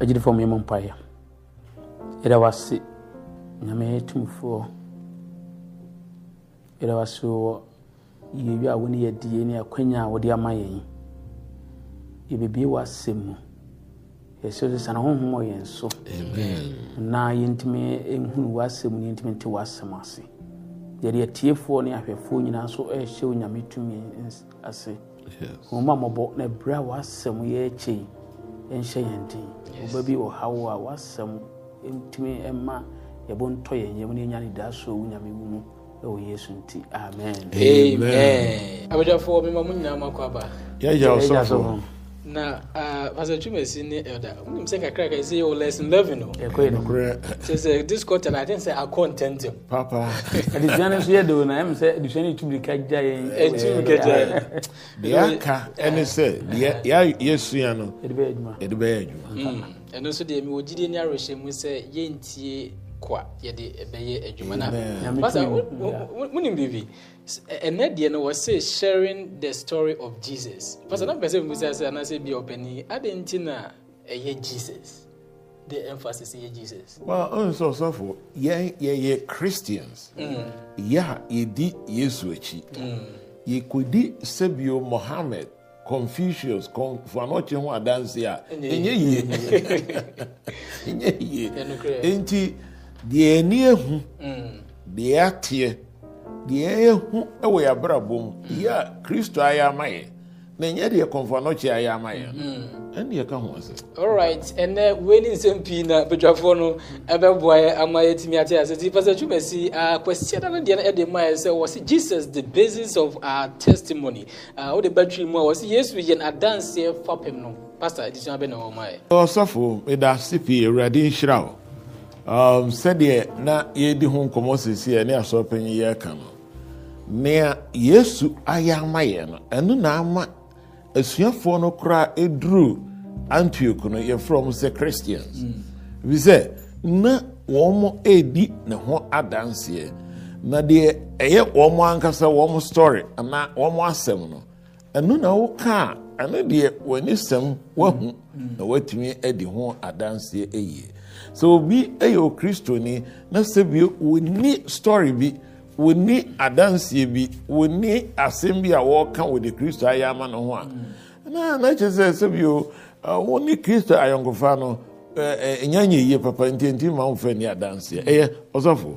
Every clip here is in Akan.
agyinifoɔ mu yɛmmɔ mpaeɛ yɛda wase nyame yɛ tumfoɔ yɛda wase wɔ yɛwi a wo ne yɛdie ne akwanya e a wode ama yɛn yɛbɛbie wɔ asɛm mu yɛsɛ sɛ sane honhom wɔ yɛn so na yɛntumi nhunu w'asɛm no yɛntumi nte w'asɛm ase yɛde atiefoɔ ne ahwɛfoɔ nyinaa so ɛhyɛ onyame tumi ase wɔn mu a mmɔbɔ na ɛberɛ a w'asɛm yɛ akyɛ yi ɛnhyɛ yɛn den ɔba bi wɔ a wasɛm ntumi ma yɛbɔ ntɔ yɛn yam ne ɛnya ne daa so wo nyame wu mu ɛwɔ yesu nti amen amen abadwafoɔ mema mo nyinaa makɔ aba yɛyɛ ɔsɔfoɔ na ah, pastor messi ne elder wonim sɛ kakra ka ɛsɛ yɛwɔ lesson eleven o kyɛ sɛ this quarter na aten sɛ akɔ ntɛntɛm papa adesua no nso yɛ deo na ɛm sɛ adesua no ɛtumi ka gya yɛn ɛtumi ka gya yɛn deɛ aka ɛne sɛ deɛ yɛsua no yɛde bɛyɛ adwuma ɛno nso deɛ mewɔ gyidie ne awerɛhyɛ mu sɛ yɛntie kɔ a yɛde bɛyɛ adwuma no pasa wonim biribi ɛnɛ deɛ no wɔse sharing the story of jesus pasa na mpɛ sɛ mbusa sɛ anaasɛ bia ɔpani adɛn nti na ɛyɛ jesus the emphasis yɛ jesus well ɔn sɛ ɔsɔfo yɛyɛ christians mm. yɛ a yɛdi yesu akyi mm. yɛkɔdi sɛbio mohammed confucius foanɔkye ho adanse a ɛnyɛ yie ɛnyɛ yie nti deɛ ani ehu mm. deɛ ateɛ deɛ ehu ɛwɔ yɛ abrabɔ mm. yɛ a kristo ayɛ ama yɛ na nyɛ deɛ kɔnfɔnɔkye ayɛ ama yɛ mm. ɛna yɛ ka ho ase. alright ɛnɛ wei ni nsɛm pii na badwafoɔ no ɛbɛboa yɛ ama yɛtumi ate ase ti pastor twumasi akwasiɛ dano deɛ ɛde ma yɛ sɛ wɔsi jesus the basis of our testimony wɔde batwi mu a wɔsi yesu yɛn adanseɛ fapem no pastor edisɔn abɛ na wɔn ma yɛ. ɔsɔfo ɛda ase pii awurade nhyira o. Um, sɛdeɛ na yɛdi ho nkɔmmɔ seesie ɛne asɔrepanyi yi ka no nea yesu ayɛ ama yɛ no ɛno na ama asuafoɔ no koraa ɛduruu antioch no yɛfrɛ m sɛ christians ɛfiri mm. sɛ na wɔn ɛdi ne ho adanseɛ na deɛ ɛyɛ wɔn ankasa wɔn story anaa wɔn asɛm no ɛno na woka ɛno deɛ w'ani sɛm woahu mm. na woatumi adi ho adanseɛ ɛyie sɛ obi yɛ okristoni na sɛ bi wɔni story bi wɔni adanseɛ bi wɔni asɛm bi a wɔreka wɔde kristo ayɛ ama no ho a na na kyerɛ sɛ sɛ bi o wɔne kristo ayɔnkofa no ɛnya yie papa ntintin ma wɔfɛ ni adanseɛ ɛyɛ ɔsɔfo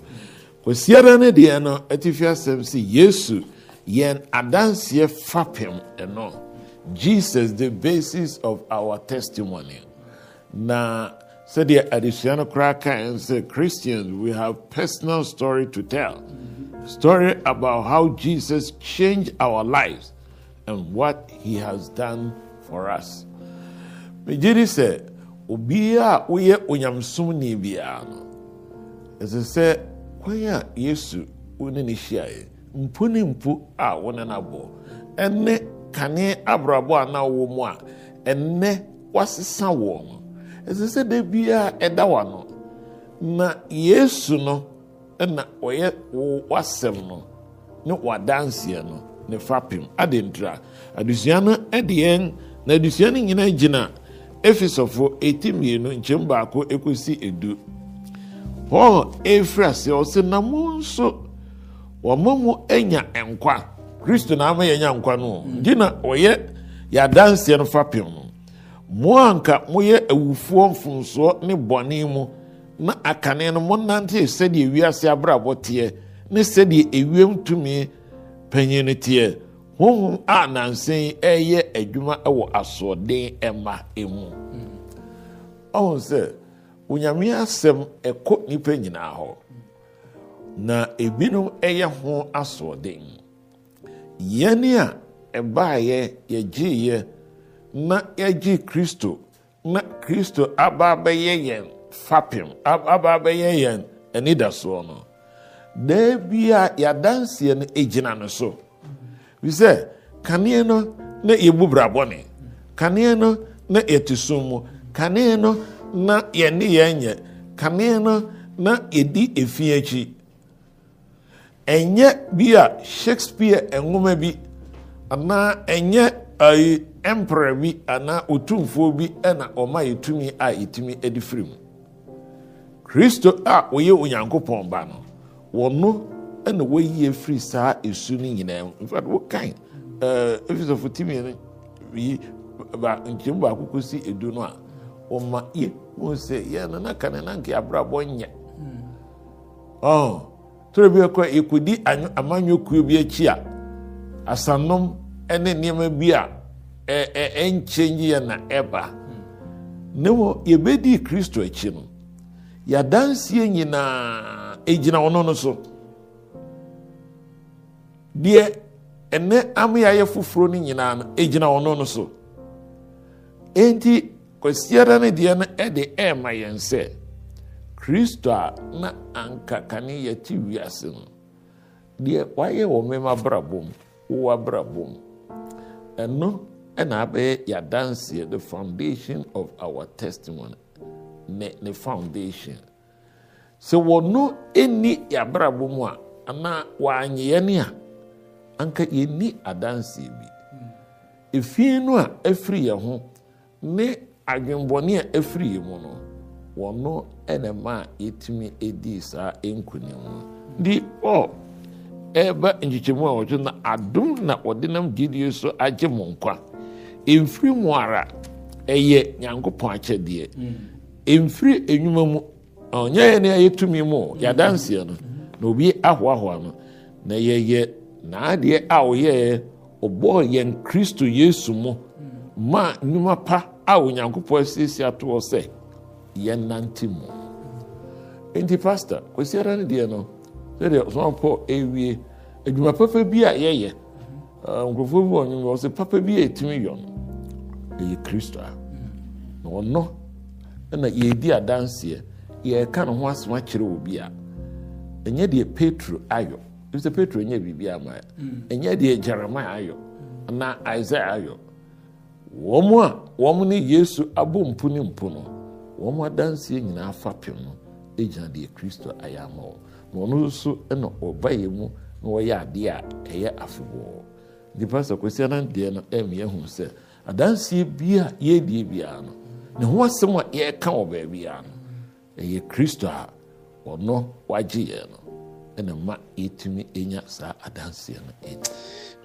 osiara ne deɛ no atifi asɛm sɛ yesu yɛn adanseɛ fapem ɛno jesus the basis of our testimony na. sɛdeɛ the no cracker and ɛn christians we have personal story to tell story about how jesus changed our lives and what he has done for us Mejiri di sɛ obiaa a woyɛ onyamsomni biara no ɛsɛ sɛ kwan a yesu wo ne mpu a wo ne kane abrabɔ a na wowɔ ene wasi ɛnnɛ ɛsɛ sɛ da a ɛda wa no na yesu no na ɔyɛ wasɛm no ne wadanseɛ no ne fapem adentira adusua no ɛde yɛn na adusua no nyinaa gyina efesofo eti mmienu nkyɛn baako ekosi edu paul efiri ase ɔsi na mu nso wɔn mu anya nkwa kristu na ama yɛnya nkwa no gyina ɔyɛ yadanseɛ no fapem no. mo anka moyɛ awufoɔ mfomsoɔ ne bɔne mu na akane no monnante sɛdeɛ wiase abrabɔ teɛ ne sɛdeɛ ewiem tumi panyin no teɛ honhom a nansan ɛyɛ adwuma ɛwɔ asoɔden ɛma emu ɔhun sɛ onyame asɛm ɛkɔ nipa nyinaa hɔ na ebinom ɛyɛ ho asoɔden yɛn a ɛbaayɛ yɛgyeeyɛ. na yɛgye kristo na kristo aba abɛyɛ yɛn fapem aba abɛyɛ yɛn anidasoɔ no daa bi a yɛadanseɛ no gyina no so bisɛ kanea no na yɛbu brabɔne kanea no na yɛte som kanea no na yɛne yɛn nyɛ kanea no na yɛdi efi akyi ɛnyɛ bi a shakespeare nwoma bi anaa ɛnyɛ ayi emperor bi anaa otumfoɔ bi na ɔma yɛ tumi a yɛtumi de firi mu kristo a ɔyɛ onyankopɔn ba no wɔno na wɔayie afiri saa esu no nyinaa mu infact wokan ɛfisɛfo tumi no yi nkyɛmu baako kɔsi edu no a ɔma yɛ wɔn sɛ yɛ no na ka ne nanka abrabɔ nyɛ ɔn toro bi ɛkɔ yɛkɔdi amanyɔkuo bi akyi a asanom ne nneɛma bi a ɛnkyɛ nyiɛ na ɛba na mɔ yɛbɛdii kristo akyi no yɛadanseɛ nyinaa ɛgyina ɔno no so deɛ ɛnɛ ameayɛ foforɔ no nyinaa no ɛgyina ɔno no so enti kwasiara ne deɛ no ɛde ɛɛma yɛn sɛ kristo a na anka kane yɛte wiase no deɛ wayɛ wɔ mema brabom wowɔ brabom ɛno ɛna abɛyɛ yɛadanseɛ the foundation of our testimony ne ne foundation sɛ wɔno ɛnni yɛabrabɔ mu a anaa wɔanyeɛ ne a anka yɛnni adanseɛ bi efie no a ɛfiri yɛn ho ne adwenbɔne a ɛfiri yɛn mu no wɔno ɛna ma a yɛtumi ɛdi saa nkunim no di ɔ ɛɛba nkyekyɛmu a wɔtwe na adum na wɔde nam gyidie so agye mo nkwa mfiri mu ara ɛyɛ nyankopɔn akyɛdeɛ mfiri enwuma mu ɔnyɛ yɛn ni ɛyɛ tumi mu yadanseɛ no na obi ahoahoa no na yɛyɛ n'adeɛ a ɔyɛ ɔbɔɔ yɛn kristo yesu mu ma nnwuma pa a onyankopɔn asiesie atoɔ sɛ yɛn nante mu nti pastor kwasi ara no deɛ no sɛdeɛ ɔsɔnpɔ ewie adwuma papa bi a yɛyɛ nkurɔfoɔ bi wɔ nnwuma ɔsɛ papa bi a etumi yɔ no. ɛyɛ kristo a na ɔno na yɛredi adanseɛ yɛreka ne ho asom akyerɛ ɔ bi a ɛnyɛ deɛ petro ayɔ ɛfir petro ɛnyɛ biribi ama mm. ɛnyɛ deɛ na isaia ayɔ wɔm a wɔm ne yesu abɔ mpo ne mpo no wɔm adanseɛ nyinaa fa pem no deɛ kristo ayɛ ama na ɔno na ɔba yɛ mu na adeɛ a ɛyɛ afebɔɔ sɛ no sɛ adansie bi a yɛredie biara no ne ho asɛm a yɛreka wɔ baabiara no ɛyɛ kristo a ɔno wagye yɛn no ɛna ma yɛtumi nya saa adanseɛ no ɛti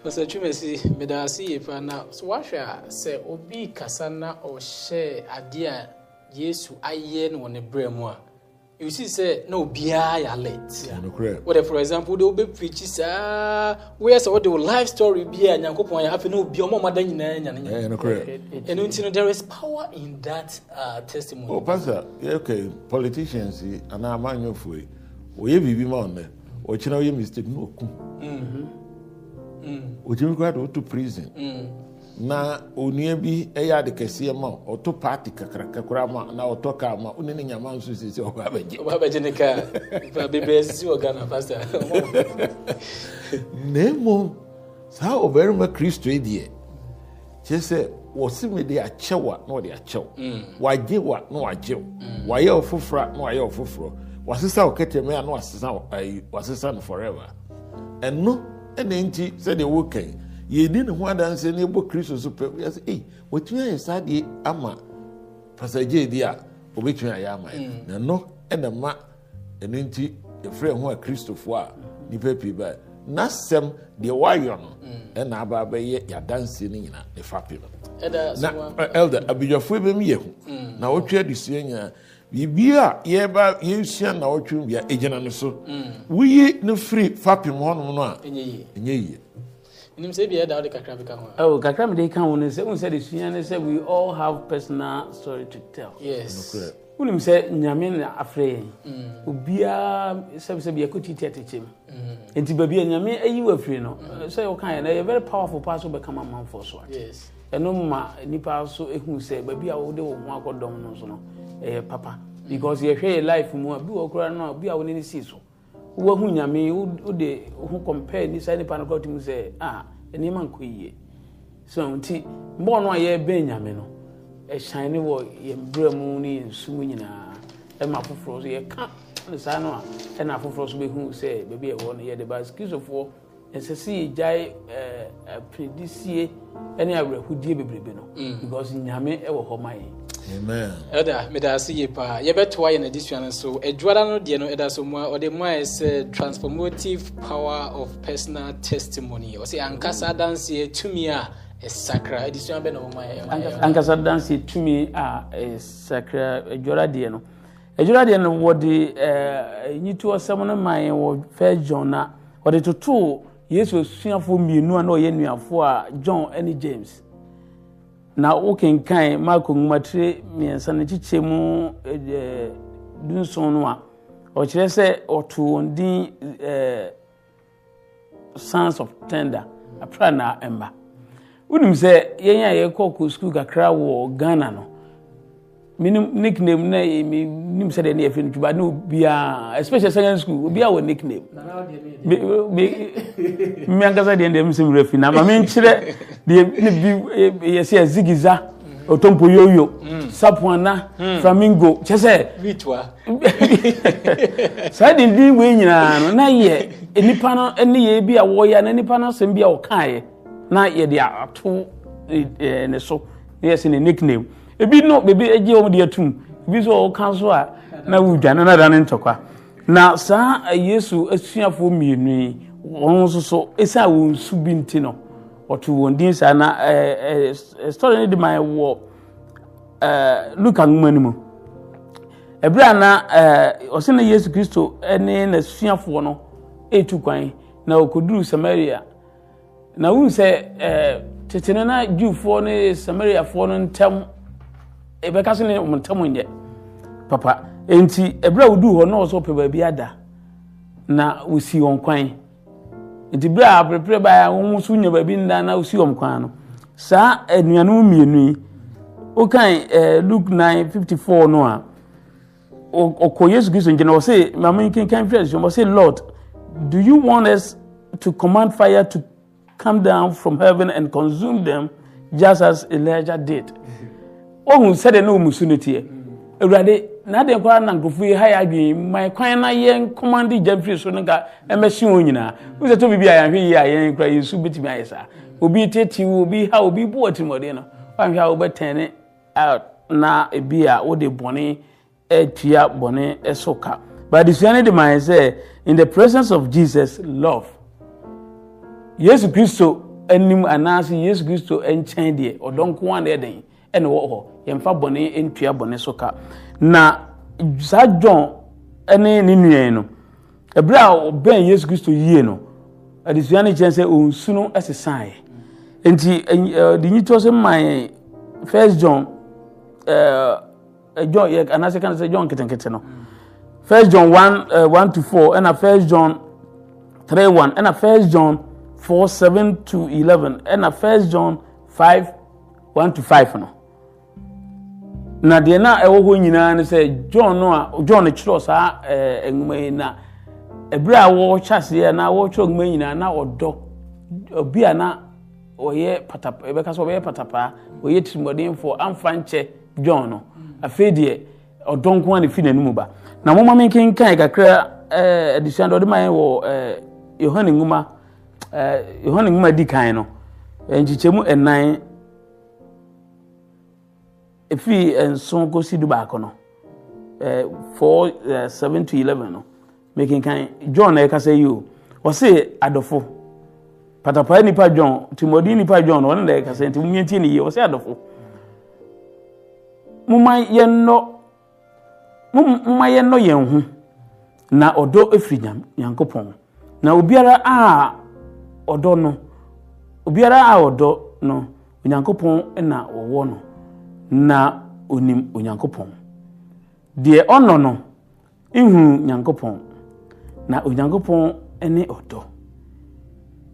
pastor twumasi meda ase yie pa na so wahwɛ a sɛ obi kasa na ɔhyɛ adeɛ a yesu ayɛ no wɔ ne berɛ mu a you see sɛ na obiara yɛ alert wɔde for example de wobe preach saa woyɛ sɛ wɔde wo life story bi a nyankopɔn yɛ hafi na obi ɔmo ɔmada nyinaa nya ne nya ɛno nti no there is power in that uh, testimony. o oh, pastor okay politicians yi anaa amanyɔfo yi wɔyɛ biribi ma ɔnɛ ɔkyerɛ wɔyɛ mistake na oku ɔkyerɛ kora de wotu prison. Mm -hmm. na onua bi yɛ ade kɛseɛ ma ɔtɔ paati kakrakakra ma na ɔtɔ kaa ma wone ne nyama nso sisi ɔba abɛgye ɔba abɛgye ne kaa bebree sisi wɔ ghana pastor na mmom saa ɔbarima kristo yi deɛ kyerɛ sɛ wɔsi mi de akyɛ wa na wɔde akyɛ wo mm. wagye wa na wagye wo mm. wayɛ wo na wayɛ wo foforɔ wasesa wo kɛtɛmɛ a na wasesa no forever ɛno ɛna nti sɛdeɛ wɔkɛn yɛdi ne ho adanseɛ no yɛbɔ kristo so pɛ yɛsɛ ei watumi ayɛ saa deɛ ama pasagye di a obɛtumi ayɛ ama yɛ mm. na no ɛna ma ɛno nti yɛfrɛ ho a kristofoɔ a nipa pii baa n'asɛm deɛ wayɔ no mm. ɛna aba abɛyɛ yadanseɛ no nyinaa ne fa pem na ɛlda abidwafoɔ bɛm yɛ ho mm. na wɔtwe adesua nyinaa biribi a yɛba yɛsua na wɔtwe mu bia ɛgyina no so woyi no firi fapem hɔnom no a ɛnyɛ yie nim sɛ bi ɛda wode kakra bi ka ho oh, kakra mede ka ho no sɛ wohu sɛ de sua ne sɛ we all have personal story to tell yes wonim sɛ nyame na afrɛ yɛn mm. obiaa sɛb sɛ biakɔ titi atekyɛ mu mm. enti baabi a nyame ayi w afiri no sɛ woka yɛ no yɛ very powerful paa so wobɛka ma manfoɔ so ate ɛno ma nnipa so ɛhu sɛ baabi a wode wo ho akɔdɔm no so no ɛyɛ papa mm. because yɛhwɛ yɛ life mu a bi wɔ koraa no a bi a wo ne ne sii so wahu nyame wode ho compare ni saa nipa no kɔ tumi sɛ a ah, nneɛma nkɔ yie so nti mbɔɔ no a yɛbɛn nyame no ɛhyɛn ne wɔ yɛn brɛ mu ne yɛn sum nyinaa ɛma foforɔ so yɛka ne saa no a ɛna foforɔ so bɛhu sɛ baabi ɛwɔ no yɛde ba sikisofoɔ ɛsɛ sɛ yɛgyae ɛɛ apiridisie ɛne awerɛhodie bebrebe no mm. because nyame ɛwɔ hɔ ma yɛn ɛda meda ase yie paa yɛbɛtoa yɛ nadesua no so adwuada no deɛ no ɛda so mu a ɔde mu ayɛ sɛ transformative power of personal testimony ɔsɛ ankasa danseɛ tumi a ɛsakra e adesua e bɛ na e, wɔma ankasa danseɛ tumi a ɛsakra adwuada deɛ no adwuada deɛ no wɔde nyitoɔ sɛm no ma yɛ wɔ fɛ john na wɔde totoo yesu asuafoɔ mmienu a na ɔyɛ nnuafoɔ a john ne james na wokenkan mako nwumatire mmiɛnsa no kyekyɛ mu eh, dunson no a ɔkyerɛ sɛ ɔto wɔn din eh, sons of tender aprana ɛmba wonim sɛ yɛn a yɛkɔkɔ sukuu kakra wɔ ghana no minim nickname na yɛ mi nim sɛ deɛ ne yɛ fɛ no ne obiara especially second school obiara wɔ nickname me me me ankasa deɛ deɛ misɛm rɛ fi na maame nkyerɛ deɛ ne bi e, yɛ sɛ zigiza otompo yoyo mm. sapuana mm. flamingo kyɛ sɛ saa de di wei nyinaa no na yɛ nipa no ne yɛ bi a wɔyɛ na nipa no asɛm bi a wɔkaeɛ na yɛde ato e, e, ne so ne yɛ sɛ ne nickname ebi no beebi egye wɔn de atum ebi nso a ɔka oh, ah, so a na wudwane eh, eh, eh, na da ne ntɔkwa na saa yesu asuafoɔ mmienu yi wɔn nso so a wɔn su bi nti no wɔto wɔn din saa na ɛɛ ɛɛ story ne de ma wɔ ɛɛ luka nwoma no mu ebere a na ɛɛ ɔsi na yesu kristo ɛne na suafoɔ no etu kwan na okoduru samaria na wɔn sɛ ɛɛ tete na na juufoɔ ne samariafoɔ no ntɛm ɛbɛka so ne ɔmɔntɛm nyɛ papa nti ɛberɛ a woduu hɔ na ɔsɛ ɔpɛ baabi ada na wosi wɔn kwan nti berɛ a aperepere baa wɔn nso nya baabi nda na wosi wɔn kwan no saa anuanom mmienu yi wokan ɛɛ eh, luke nine fifty four no a ɔkɔ yesu kristo nkyɛn na ɔsɛ maame yi kankan fira ɛsɛ ɔsɛ lord do you want us to command fire to come down from heaven and consume them just as elijah did ohun sɛdeɛ na ɔmu su no teɛ awurade n'adeɛ koraa na nkurɔfoɔ yi ha yɛ adwene mman kwan na yɛn kɔmande gya mfiri so no nka ɛmɛsi wɔn nyinaa wɔn sɛ to biribi a yɛahwɛ yie a yɛn koraa yɛn su bɛtumi ayɛ saa obi tete wo obi ha obi bu ɔtirimuɔden no wɔahwɛ a wɔbɛtɛn ne out na ebi a wɔde bɔne ɛtua bɔne ɛso ka but adesua no de ma yɛn sɛ in the presence of jesus love yesu kristo anim anaasɛ yesu kristo nkyɛn deɛ ɔdɔ nko ara na ɛdɛn ɛna ɛwɔ hɔ yɛmfa bɔne ntua bɔne so ka na saa john ɛne ne nua no ɛberɛ a ɔbɛn yesu kristo yie no adesua no kyerɛ sɛ ɔnsu no ɛsesaeɛ nti de nyitoɔ so ma first john john yɛ anaasɛ ka sɛ john nketenkete no first john one uh, one to four ɛna first john three one ɛna first john four seven to eleven ɛna first john five one to five no. na deɛ na ɛwɔ hɔ nyinaa no sɛ john a john kyerɛw saa ɛɛ nwoma yi na ebere a wɔhyɛ aseɛ na wɔkyerɛw nwoma nyinaa na ɔdɔ obi a na ɔyɛ patapa ɛbɛka sɛ ɔbɛyɛ patapaa ɔyɛ tirimɔdenfoɔ amfa nkyɛ john no afei deɛ ɔdɔ nko a na fi n'anim ba na moma me nkenkan kakra ɛɛ adesua deɛ ɔde ma yɛn wɔ ɛɛ yohane nwoma ɛɛ yohane nwoma di kan no nkyɛnmu ɛnan efi eh, nson kɔsi du baako no 4:711 eh, eh, no mekenkan john ɛkasa yi o ɔse adɔfo patapaa nipa john timodi nipa john ɔne na ɛkasa nti momiantie ne yie ɔse adɔfo moma yɛn ho na ɔdɔ ɛfiri nyankopɔn na obiara a ɔdɔ no obiara a ɔdɔ no na ɔwɔ na onim onyankopɔn deɛ ɔnɔ no nhunu nyankopɔn na onyankopɔn ne ɔdɔ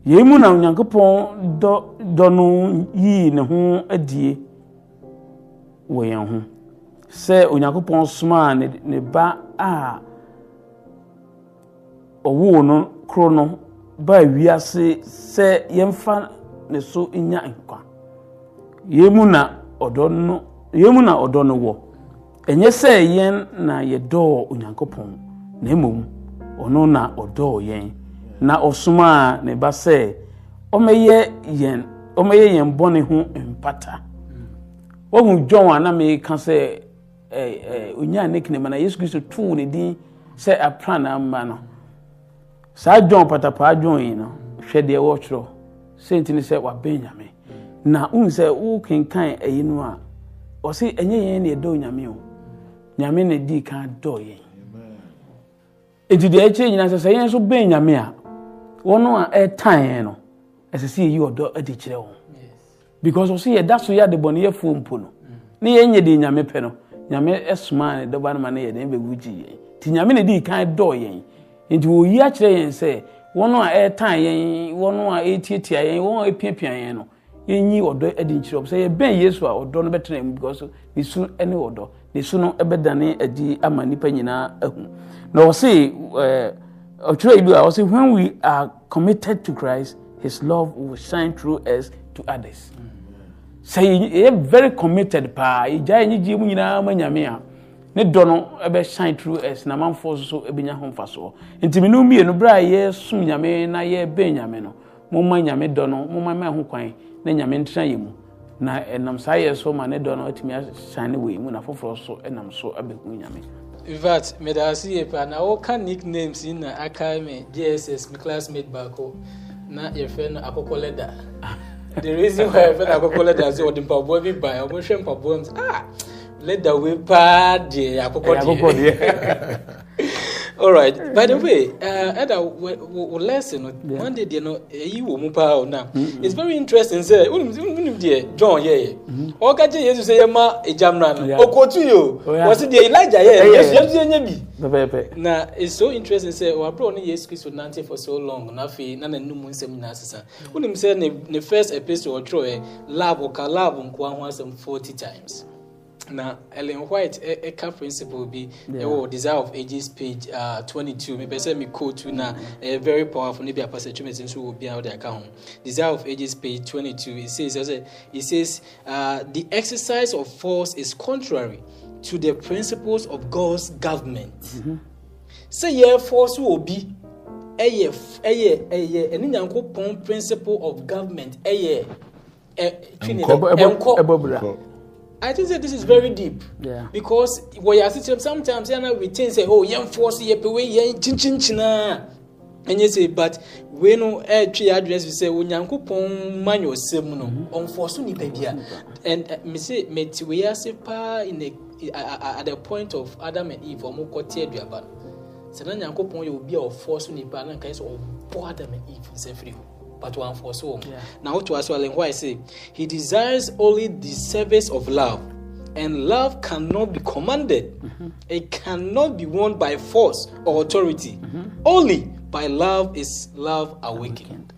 yei mu na onyankopɔn dɔ dɔ no yii ne ho adie wɔ yɛn ho sɛ onyankopɔn somaa ne ba a ɔwoo no koro no baa wiase sɛ yɛmfa ne so nya nkwa yei mu na ɔdɔ no yɛn mu na ɔdɔ no wɔ ɛnyɛ sɛ yɛn na yɛdɔɔ onyankopɔn na mmom ɔno na ɔdɔɔ yɛn na ɔsomaa ne ba sɛ ɔmɛyɛ yɛn ɔmɛyɛ yɛn bɔne ho mpata wɔhu john a na meka sɛ onyaa ne ma na yesu kristo too ne din sɛ aprana mma no saa john patapaa john yi no hwɛ deɛ wɔtwerɛ sɛnti ne sɛ wabɛn nyame na wohu sɛ wokenkan ayi no a ɔse ɛnyɛ yɛn ne nyame o nyame ka dɔɔ yɛn ɛnti deɛ ɛkyirɛ nyina sɛ sɛ yɛn nso bɛn nyame a a ɛtan yɛn no ɛsɛ sɛ yɛyi ɔdɔ kyerɛ wɔn because so yɛ mpo no ne nyame pɛ no nyame ne dɔba no ma yɛn nyame kan yɛn wɔyi akyerɛ yɛn sɛ wɔn a ɛtan yɛn wɔn a yɛnyi ɔdɔ ɛde nkyerɛ sɛ yɛbɛn yesu a ɔdɔ no bɛtena mu because ne su ne ɔdɔ ne su no bɛdane adi ama nipa nyinaa ahu na ɔse ɛɛ ɔtwerɛ bi a ɔse when we are committed to christ his love will shine through us to others sɛ yɛyɛ very committed paa yɛgya yɛn gyigye mu nyinaa ma nyame a ne dɔ no bɛ shine through us na amanfoɔ nso bɛnya ho mfasoɔ ntumi no mmienu bere a yɛsom nyame na yɛbɛn nyame no mo nyame dɔ no mo ma ho kwan na nyame ntena yɛ mu na ɛnam saa yɛ so ma ne dɔ no atumi ahyane wɔ mu na foforɔ so ɛnam so abɛhu nyame vat mede ase yɛ paa na woka nicknames yi na akae me gss me classmate baako na yɛfrɛ no akokɔ the reason why yɛfrɛ no akokɔ leda sɛ ɔde mpaboa bi ba ɔmohwɛ mpaboa mu sɛ ah leda wei paa deɛ akokɔ deɛ all right mm-hmm. by the way ɛda uh, wo lesson no one day deɛ no ɛyi wɔ mu paa o na it's very interesting sɛ wonim deɛ john yɛyɛ ɔka kye yesu sɛ yɛma agyamra no ɔkɔtu yi o wɔsi deɛ elija yɛ yesu yesu yɛ nyɛ bi na it's so interesting sɛ wabrɛ ɔne yesu kristo nante for so long na afei na n'anum nsɛm nyinaa sesa wonim sɛ ne first epistle ɔtwerɛ ɛ lab ɔka lab nkoa ho asɛm forty times na ellen white ɛka principle bi ɛwɔ desire of ages page uh, twenty two mepɛ sɛ me quote na ɛyɛ very powerful ne bi apasa twɛmɛ ti nso wɔ bi a ɔde aka ho desire of ages page twenty two it says ɛsɛ it says uh, the exercise of force is contrary to the principles of God's government mm-hmm. sɛ yɛ force wɔ bi ɛyɛ ɛyɛ ɛyɛ ɛne nyanko pɔn principle of government ɛyɛ ɛ twene ɛnkɔ ɛbɔ bra. I think say this is very deep. Yeah. Because we are sitting sometimes and we think say oh yen force ye pe we yen chin chin china. Ah. And you say but we oh, no eh mm-hmm. three address we say onyankopon man yosem no onforce ni pa bia. And uh, me say me ti we ase pa in a at the point of Adam and Eve omo kwete aduaba. Sɛ na nyankopɔn yɛ obi a ɔfɔ so nipa na nkae sɛ ɔbɔ adam and eve nsɛ firi hɔ but one for so. Yeah. Now what was well why I say he desires only the service of love. And love cannot be commanded. Mm-hmm. It cannot be won by force or authority. Mm-hmm. Only by love is love awakened.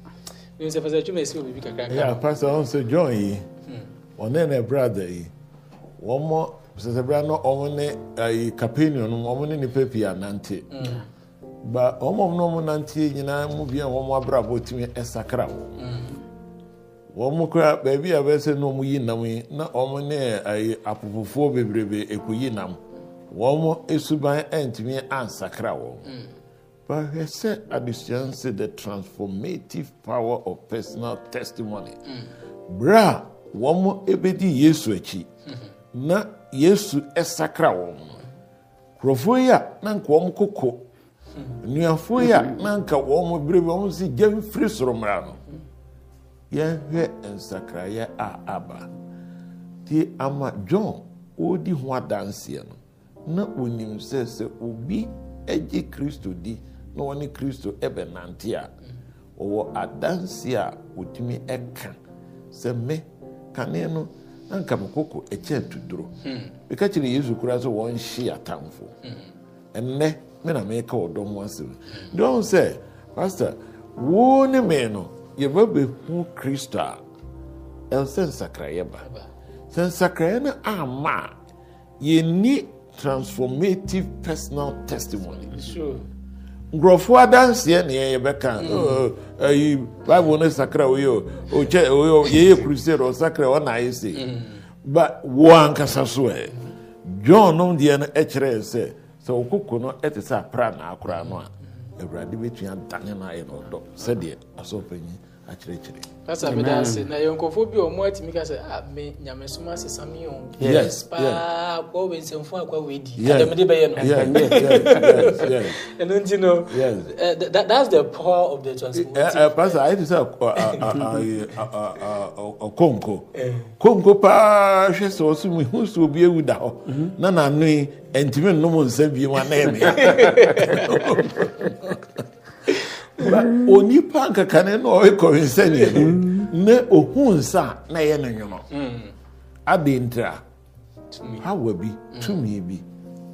Yeah, Pastor Homso John yi, ɔne hmm. ne brada yi, wɔn mo sɛsɛ brada only a ne ayi Capernaum no ɔmo ne nipa pii anante. but wɔn a wɔn nante nyinaa mụ bi a wɔn abụọ tumi sakra wo wɔn kora beebi a bɛsɛ na wɔn yi nam yi na wɔn ne ayi apopofoɔ bebrebe eku yi nam wɔn esuban ntumi ansakra wɔn but hwɛ sɛ adesua nse the transformative power of personal testimony bra wɔn ebedi yesu akyi na yesu sakra wɔn kurɔfoɔ yi a na nka koko. nnuafoɔ yi a nanka anka wɔn bere bi wɔn si gye mfiri soro mmara no yɛnhwɛ nsakraya a aba tie ama john ɔredi ho adanseɛ no na onim sɛ sɛ obi agye kristo di na wɔne kristo nante a ɔwɔ adanseɛ a ɔtumi ɛka sɛ me kanea no anka mekoko ɛkyɛ tuduro hmm. meka kyerɛ yesu koraa sɛ wɔnhye atamfo hmm. ɛnnɛ me na meka ɔdɔm asɛm dɔm sɛ pastor wo ne me no yɛba bɛhu kristo a ɛwɔ sɛ ba sɛ nsakraeɛ no ama a yɛnni transformative personal testimony nkurɔfoɔ adanseɛ neɛ yɛbɛka mm. oh, ayi bible no sakra woyɛ ɔkyɛ yɛyɛ crusade ɔsakra ɔna ayɛ se mm. but wo ankasa so ɛ john nom deɛ no kyerɛɛ sɛ sɛ okoko no te sɛ apra na, koraa no a awurade bɛtua dane no ayɛ no dɔ sɛdeɛ asɔpanyin akyerɛkyerɛ kasa meda ase na yɛ nkɔfoɔ bi a ɔmo atumi ka sɛ a ah, me nyamesom asesa me yɛ yes paa akɔ wɔ nsɛmfo akɔ wɔ edi adamade bɛyɛ no ɛno nti no eh, that's the power of the transformative eh, eh, pastor ayɛ te sɛ ɔkonko konko paa hwɛ sɛ ɔso mu hu sɛ obi awu da hɔ mhm. na nanoe ɛntumi nnom nsa bio mu anɛɛ me onipa nkekane na enwe nsa nneɛma na ohu nsa na ɛyɛ ne nwono ntị ntira hawa bi tumie bi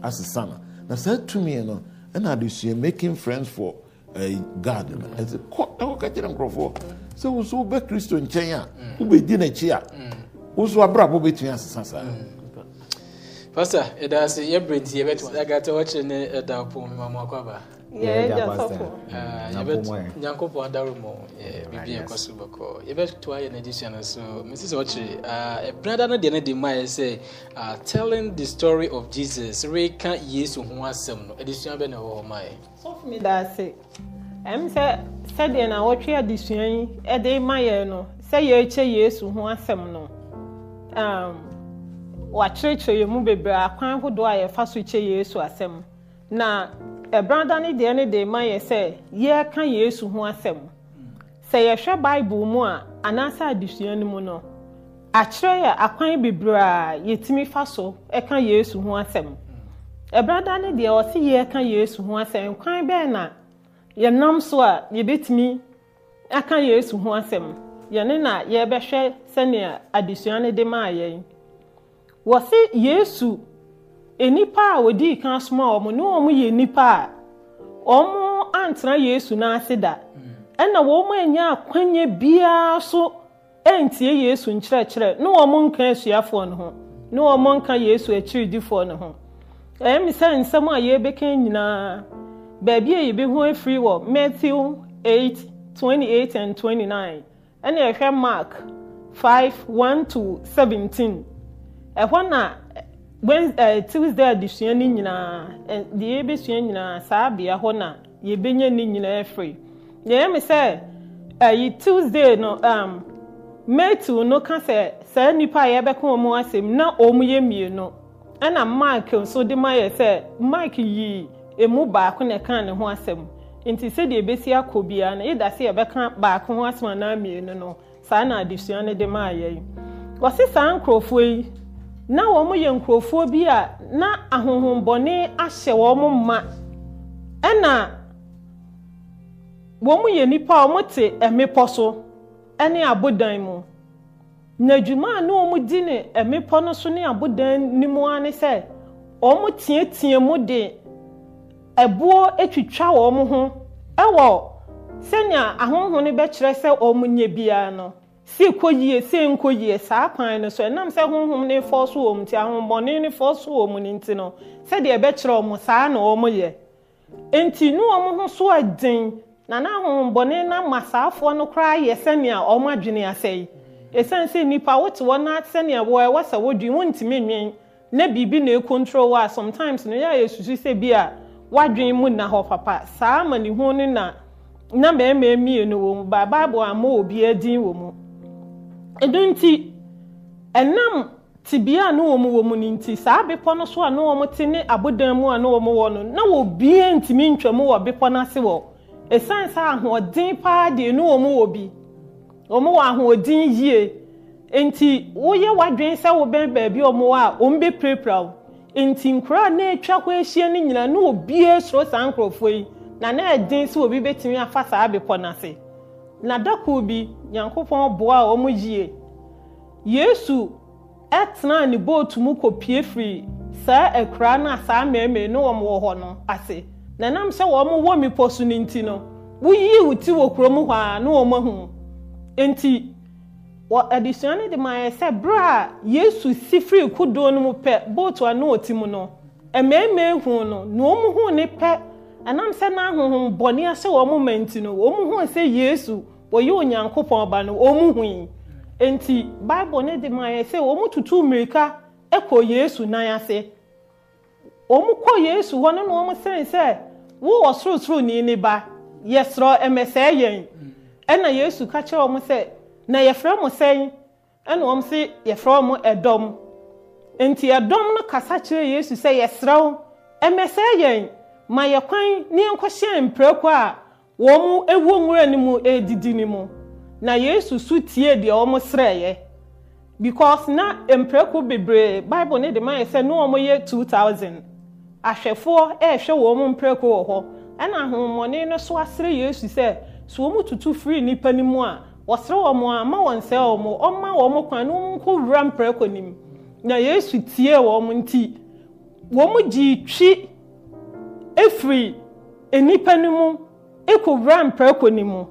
asesa na na saa tumie no ɛna adesua making friends for eh, god no ɛsɛ kɔ na wɔka kyerɛ sɛ kristo nkyɛn a wobɛdi n'akyi a woso abrabɔ bɛtumi asesa saa pastor ɛda ase ne ɛda eh, abaa nyankopɔn adaro mu biribi ɛkɔ so bɛkɔ yɛbɛto ayɛ no adesua no so mesi sɛ ɔkyere ɛberada no deɛ no de telling the story of jesus reka yesu ho asɛm eh, eh, no adesua um, bɛ eh, na ɛwɔ hɔ maɛ sɔfo me daase ɛm sɛ sɛdeɛ na wɔtwe adesua yi ɛde ma yɛ no sɛ yɛrekyɛ yesu ho asɛm no wakyerɛkyerɛ yɛ mu bebree akwan ahodoɔ a yɛfa so kyɛ yesu asɛm na ɛberada eh, no deɛ ne de ma yɛ sɛ yɛrka yesu ho asɛm sɛ yɛhwɛ bible mu a anaasɛ adesua no mu no akyerɛ yɛ akwan bebree a yɛtumi fa so eh, ka yesu ho asɛm ɛberada eh, no deɛ ɔse yɛrka yesu ho asɛm kwan bɛɛ na yɛnam so a yɛbɛtumi aka yesu ho asɛm yɛne na yɛbɛhwɛ sɛnea adesua no de maa yɛn wɔse yesu nnipa a ka somaa ɔmo ne ɔmo yɛ nnipa a ɔmo antena yesu n'ase da mm. ɛna wɔm anya akwanya biara so antie yesu nkyerɛkyerɛ ne ɔmo nka asuafoɔ no ho ne nka yesu akyiridifoɔ no ho ɛmi sɛ nsɛm a yɛbɛka nyinaa baabi a afiri wɔ Matthew and yɛhwɛ Mark to Eh, tuesday adesua no nyinaa eh, deɛ yɛbɛsua nyinaa saa bea hɔ na yɛbɛnya ne nyinaa firi yɛyɛ me sɛ ɛyi eh, tuesday no um, no ka sɛ saa nnipa a yɛbɛka wɔn mu asɛm na wɔn yɛ mmienu ɛna mike nso de ma yɛ sɛ mike yi emu baako na ɛka ne ho asɛm nti sɛdeɛ ebesi akɔ biara no yɛda se yɛbɛka baako ho asɛm anaa mmienu no saa na adesua no de ma yɛ yi wɔsi saa nkurɔfoɔ yi. na wɔn yɛ nkurɔfoɔ bi a na ahohombɔne ahyɛ wɔn ma ɛna wɔn yɛ nnipa a wɔte mmepɔ so ne abodan mu na dwuma a na wɔn di ne mmepɔ no so ne abodan no mu ara ne sɛ wɔn teatea mu de ɛboɔ atwitwa wɔn ho ɛwɔ sɛnea ahohone bɛkyerɛ sɛ wɔn nyɛ biara no. si kɔ yie se saa kwan no so ɛnam sɛ honhom ne fɔ so wɔ mu nti ahombɔne ne fɔ so wɔ mu no nti no sɛdeɛ ɛbɛkyerɛ ɔmo saa na ɔmo yɛ nti ne ɔmo ho so aden na na ahombɔne na ma saafoɔ no koraa yɛ sɛnea ɔmo adwene asɛ yi ɛsiane sɛ nipa wote wɔn na sɛnea wɔyɛ wɔsɛ wɔdwi wɔntumi nwen na biribi na ɛkontrol a sometimes no yɛ a yɛsusu sɛ bi a wadwene mu na hɔ papa saa ama ne ho no na na mmarima mmienu wɔ mu baabaabu ama obi adin wɔ mu ɛdu nti ɛnam tebea a ne wɔ m wɔ mu no nti saa bepɔ no so a ne wɔm te ne abodan mu a ne wɔ wɔ no na wɔ wɔbia ntimi ntwamu wɔ bepɔ no ase wɔ ɛsiane sɛ ahoɔden paa deɛ ne wɔ wɔ bi ɔm wɔ ahoɔden yie nti woyɛ w'adwene sɛ wobɛn baabi ɔm wɔ a ɔm bɛpirapira wo nti nkora a na atwa hɔ ahyia no nyinaa ne wɔbia suro saa nkurɔfoɔ yi na na ɛden wɔ bi bɛtumi afa saa bepɔ no ase na dako bi nyankopɔn boa a wɔn yie yesu ɛtena ne bootu mu kɔpie firi saa akura na saa mmarima ne wɔn wɔ hɔ no ase na nam sɛ wɔn wɔ mepɔ so ne nti no woyie wo ti wɔ kurom hɔ a ne wɔn ahu nti wɔ adesua no de ma yɛ sɛ berɛ a yesu si firi kodoɔ no mu pɛ bootu a ne wɔte mu no mmarima ehu no na wɔn ho ne pɛ ɛnam sɛ n'ahohom bɔne ahyɛ wɔn mma nti no wɔn ho sɛ yesu wɔyɛ onyankopɔn ɔba no wɔn ho yi nti bible ne de maa yɛ sɛ wɔn tutu mmirika kɔ yesu nan ase wɔn kɔ yesu hɔ no na wɔn sɛn sɛ wowɔ sorosoro ni ne ba yɛsorɔ mmɛsɛɛ yɛn ɛna yesu ka kyerɛ wɔn sɛ na yɛfrɛ mo sɛn ɛna wɔn sɛ yɛfrɛ wɔn ɛdɔm nti ɛdɔm no kasa kyerɛ yesu sɛ yɛsorɔ mmɛsɛɛ yɛn. ma yɛ kwan ne yɛnkɔhyɛ mprɛko a wɔn ɛwɔ nwura no mu ɛredidi no mu na yesu so tie deɛ wɔn srɛɛ because na mprɛko bebree bible ne de ma yɛ sɛ ne wɔn yɛ two thousand ahwɛfoɔ ɛrehwɛ wɔn mprɛko wɔ hɔ ɛna ahomɔne no so asrɛ yesu sɛ so wɔn tutu firi nipa no mu a wɔsrɛ wɔn a ma wɔn sɛ wɔn ɔma wɔn kwan na wɔn nkɔ wura mprɛko no mu na yesu tie wɔn nti wɔn gyi twi. efiri nnipa no mu ɛkɔ wura mprako no mu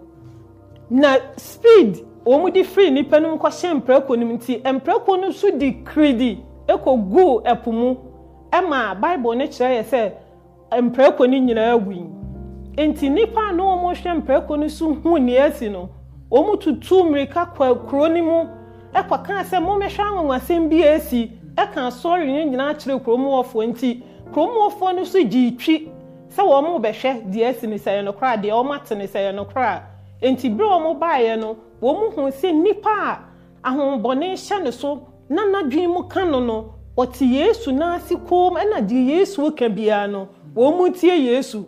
na speed wɔ mude firi nnipa no mu kɔhyɛ mprako no mu nti mprako no so de kiridi ɛkɔ gu ɛpo mu ɛma bible no kyerɛ yɛ sɛ mprako no nyinaa wui nti nnipa a na wɔmhwɛ mprako no so huu nneɛ asi no wɔ tutu mmirika kɔ kuro no mu ɛkɔkaa sɛ mommɛhwɛ anwanwasɛm bi a asi ɛka sɔre no nyinaa kyerɛ kurom wɔfoɔ nti kuromwɔfoɔ no nso gyee twi sɛ wɔn bɛhwɛ deɛ asi ne sɛ yɛ nokora deɛ wɔn ate ne sɛ yɛ nokora nti bere wɔn baeɛ no wɔn ho sɛ nipa a ahombɔne hyɛ ne so na n'adwene mu ka no no wɔte yesu n'ase kɔn mu ɛna deɛ yesu ka biara no wɔn tie yesu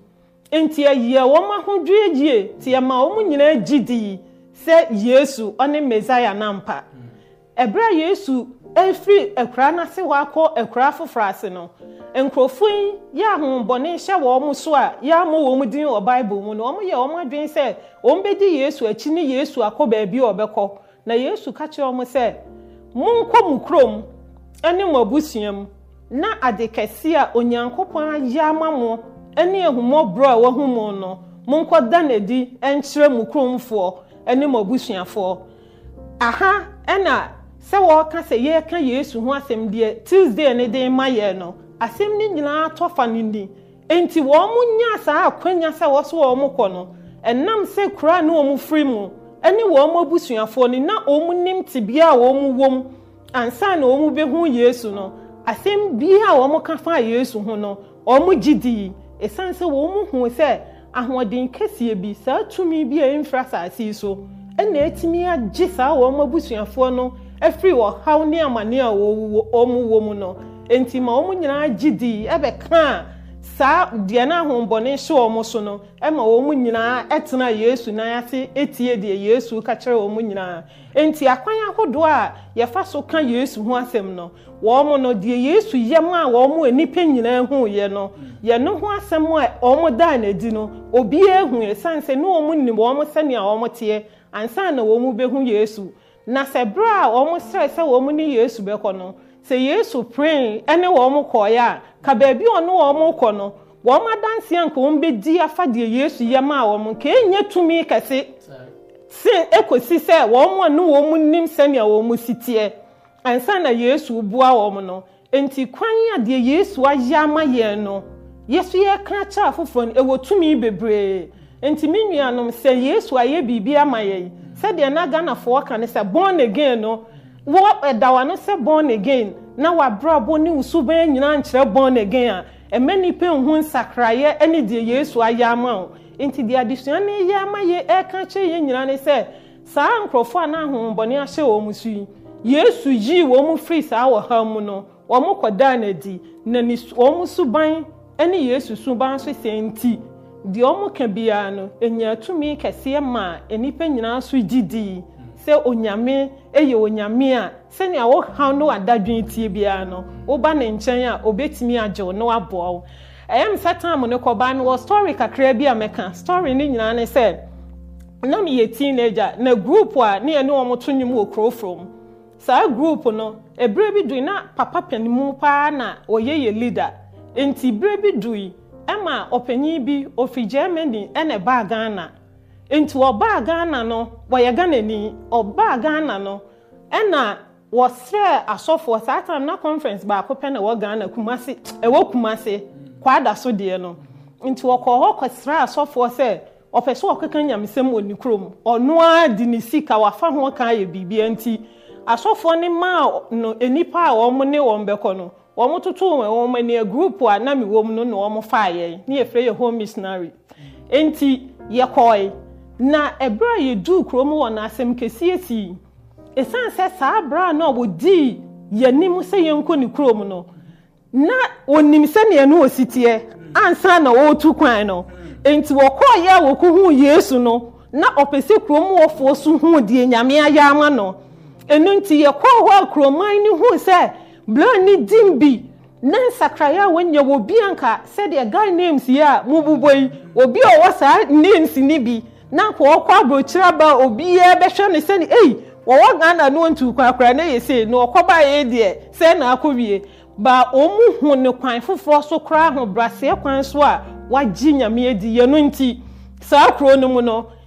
nti ɛyɛ wɔn ahodwie yie te ɛma wɔn nyinaa gyi di sɛ yesu ɔne mesaia nampa ɛbere yesu. ɛfiri akura n'ase ase hɔ akɔ foforɔ ase no nkurɔfo yi yɛ ahohombɔne hyɛ wɔn mo so a yɛamɔ wɔn din wɔ bible mu no wɔyɛ wɔn adwene sɛ wɔn bɛdi yesu akyi ne yesu akɔ beebi a ɔbɛkɔ na yesu ka kyerɛ wɔn sɛ monkɔ mu kurom ne mo abusua mu na ade kɛse a onyankopɔn ayɛ ama mo ne ahummɔborɔ a wahu mo no monkɔda n'adi nkyerɛ mo kuromfoɔ ne mo abusuafoɔ aha ɛna sɛ wɔreka sɛ yɛreka yesu ho asɛm deɛ tuesday ne de ma yɛn no asɛm no nyinaa tɔ fa no ni nti wɔn mo nya saa akɔnya sɛ wɔso wɔn mo kɔ no ɛnam sɛ kura ne wɔn firi mu ɛne wɔn mo abusuafoɔ no na wɔn mo nim te bia a wɔn mo wɔ mu ansa na wɔn mo bɛhu yesu no asɛm bia a wɔn mo ka fa yesu ho no wɔn mo gyi dii ɛsan sɛ wɔn mo hu sɛ ahoɔden kɛseɛ bi saa tumi bi a ɛmfra saase so ɛna ɛtumi agye saa wɔn mo abusuafoɔ no. ɛfiri wɔ haw ne amane a wɔ mu no Nti ma ɔmu nyinaa gye dii ɛbɛkaa saa deɛ ne ahombɔne hye so no Ɛma ɔ nyinaa ɛtena yesu nan ase ɛtie deɛ yesu ka kyerɛ ɔ nyinaa Nti akwan ahodoɔ a yɛfa so ka yesu ho asɛm no wɔ mo no deɛ yesu yɛm a wɔ mo nyinaa nyinaa yɛ no yɛno ho asɛm a ɔmo daa n'adi no obiaa huɛ siane sɛ ne ɔ mu nim ɔ m sɛnea ɔ teɛ ansa na wɔ mu bɛhu yesu na sɛ berɛ a wɔn srɛ sɛ wɔn ne yesu bɛkɔ no sɛ yesu pren ne wɔn kɔɔeɛ ya ka baabi a ɔne wɔn kɔ no wɔn adanse a nka wɔn bɛdi afa deɛ yesu yɛ maa wɔn nka enye tumi kɛse se ekosi sɛ wɔn a ne wɔn nim sɛnea wɔn si teɛ ansa na yesu bua wɔn no nti kwan a deɛ yesu ayɛ ama yɛn no yesu yɛ ka kyerɛ afoforɔ no ɛwɔ tumi bebree nti mi nuanom sɛ yesu ayɛ biribi ama yɛn. sɛdeɛ na ghanafoɔ ka ne sɛ bɔn again no wɔ ɛdawa no sɛ again na wabrabɔ ne wosubɛn nyinaa nkyerɛ again a ɛmɛ nipa nhu nsakraeɛ ne deɛ yesu ayɛ ama o nti deɛ adesua no yɛ ama yɛ ɛka nyinaa ne saa nkurɔfoɔ a na ahohombɔne ahyɛ wɔn so yi yesu yii wɔn firi saa mu no wɔn na wɔn suban ne yesu suban nso sɛ deɛ ɔmo ka biara no enya tumi kɛseɛ ma nipa nyinaa so gyidi sɛ onyame yɛ onyame a sɛnea wohaw no wadadwene tie biara no woba ne nkyɛn a obɛtumi agye na waboa wo ɛyɛ m sɛ tam no kɔbaa no wɔ story kakraa bi a mɛka story no nyinaa ne sɛ na meyɛ teenager na group a ne yɛne wɔn to nnwom wɔ kuroforo saa group no ɛberɛ bi dui na papa panin mu paa na ɔyɛ yɛ leader nti berɛ bi dui ma ɔpanyin bi ɔfiri germany ɛna ɛbaa ghana nti ɔbaa ghana no wɔyɛ ni ɔbaa ghana no ɛna wɔsrɛ asɔfo saa time na conference baako pɛ na ɛwɔ ghana kumase ɛwɔ kumase kwada so deɛ no nti ɔkɔɔ hɔ kɔsrɛ asɔfo sɛ ɔpɛ sɛ ɔkeka nyamesɛm wɔ ne kurom ɔno ara de ne sika wafa ho ka yɛ biribia nti asɔfo ne maa no nipa a wɔn ne wɔn bɛkɔ no wɔn toto wɔn ani group a nam wɔn mu no na wɔn fa yɛn ne yɛfrɛ yɛ home missionary nti yɛkɔɔe na ɛberɛ a yɛduu kurom wɔ n'asɛm kɛseɛ si ɛsiane sɛ saa berɛ a na wɔdii yɛnim sɛ yɛnkɔ ne kurom no na wɔnim sɛneɛ no wɔ ansa na wɔretu kwan no nti wɔkɔɔ yɛ a wɔkɔhuu yesu no na ɔpɛ sɛ kurom wɔfoɔ so huu deɛ nyame ayɛ ama no ɛno nti yɛkɔɔ hɔ a kuroman no huu sɛ berɛ a ne din bi na nsakraeɛ anka sɛdeɛ names yi a mobobɔ yi obi bi na nka ɔkɔ aborɔkyerɛ ba a obiaa bɛhwɛ no sɛne ei wɔwɔ ghana no ɔntu kwakora ne yɛ sei na ɔkɔbaeɛ deɛ sɛ naakɔ wie baa ɔmu hu ne kwan foforɔ so koraa ho braseɛ kwan so a wagye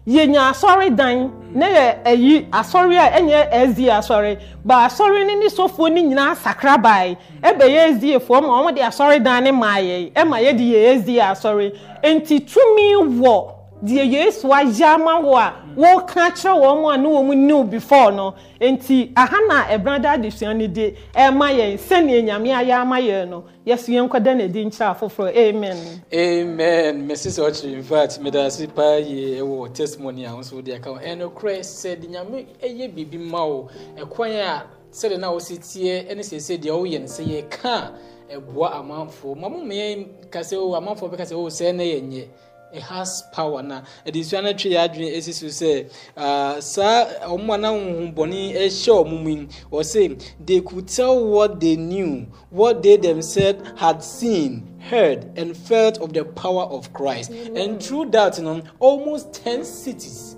yɛnya asɔre dan mm. na yɛ ɛyi asɔre a ɛnyɛ ɛzi asɔre ba asɔre ne ne sɔfoɔ ne nyinaa sakra baae mm. ɛbɛyɛ ɛzi efoɔ ma wɔn de asɔre dan ne maa yɛ ɛma yɛ de yɛ ɛzi asɔre nti tumi wɔ deɛ yesu ayɛ ama wo a wɔreka kyerɛ wɔn a ne wɔn new before no nti aha na ɛbrada adesua no de ɛma yɛn sɛnea nyame ayɛ ama yɛn no yɛso yɛn nkɔda na edi nkyerɛ afoforɔ amen. amen mesi sɛ ɔkyerɛ in fact meda ase paa yie ɛwɔ eh, testimony a nso eh, eh, de aka ho ɛno korɛ sɛ de nyame ɛyɛ biribi ma wo ɛkwan a sɛde na wɔsi tie ɛne sɛsɛ deɛ ɔyɛ no sɛ yɛka ɛboa amanfoɔ mamu mmeɛ kasɛ o amanfoɔ bɛka sɛ o sɛ ɛna yɛn nyɛ it has power na ɛde nsuo no twe adwene ɛsi so sɛ ah, saa wɔn a n'ahohom bɔne ɛhyɛ wɔn mu yi wɔsɛ they could tell what they knew what they themselves had seen heard and felt of the power of christ mm -hmm. and through that you know, almost ten cities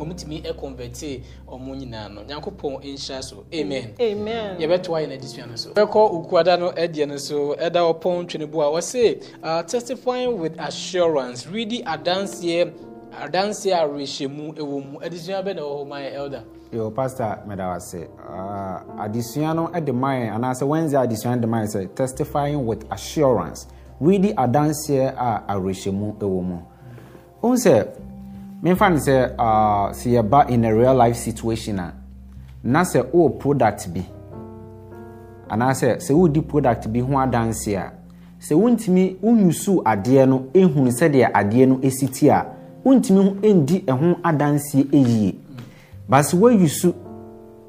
ɔmotumi ɛkɔnvɛte ɔmo nyinaa no nyankopɔn nhyira so amen yɛbɛto ayɛ n'adesua no so bɛkɔ okuada no ɛdeɛ no so ɛda ɔpɔn twene a ɔse ah, testifying with assurance redi adanseɛ adanseɛ a ɛwɔ mu adesua bɛ na ɛwɔ ma yɛ elder yo pastor medawase uh, ah, adesua no de ma yɛn anaasɛ wednesday adesua no de ma yɛn sɛ testifying with assurance redi adanseɛ a awerɛhyɛmu ɛwɔ mu wohu sɛ mefa ne sɛ uh, ah, sɛ yɛba in a real life situation a na sɛ wowɔ product bi anaasɛ sɛ di product bi ho adanse a sɛ wontumi wonyusu adeɛ no ehunu sɛdeɛ adeɛ no esi ti a wontumi ndi ɛho adanseɛ eyie baasi woyusu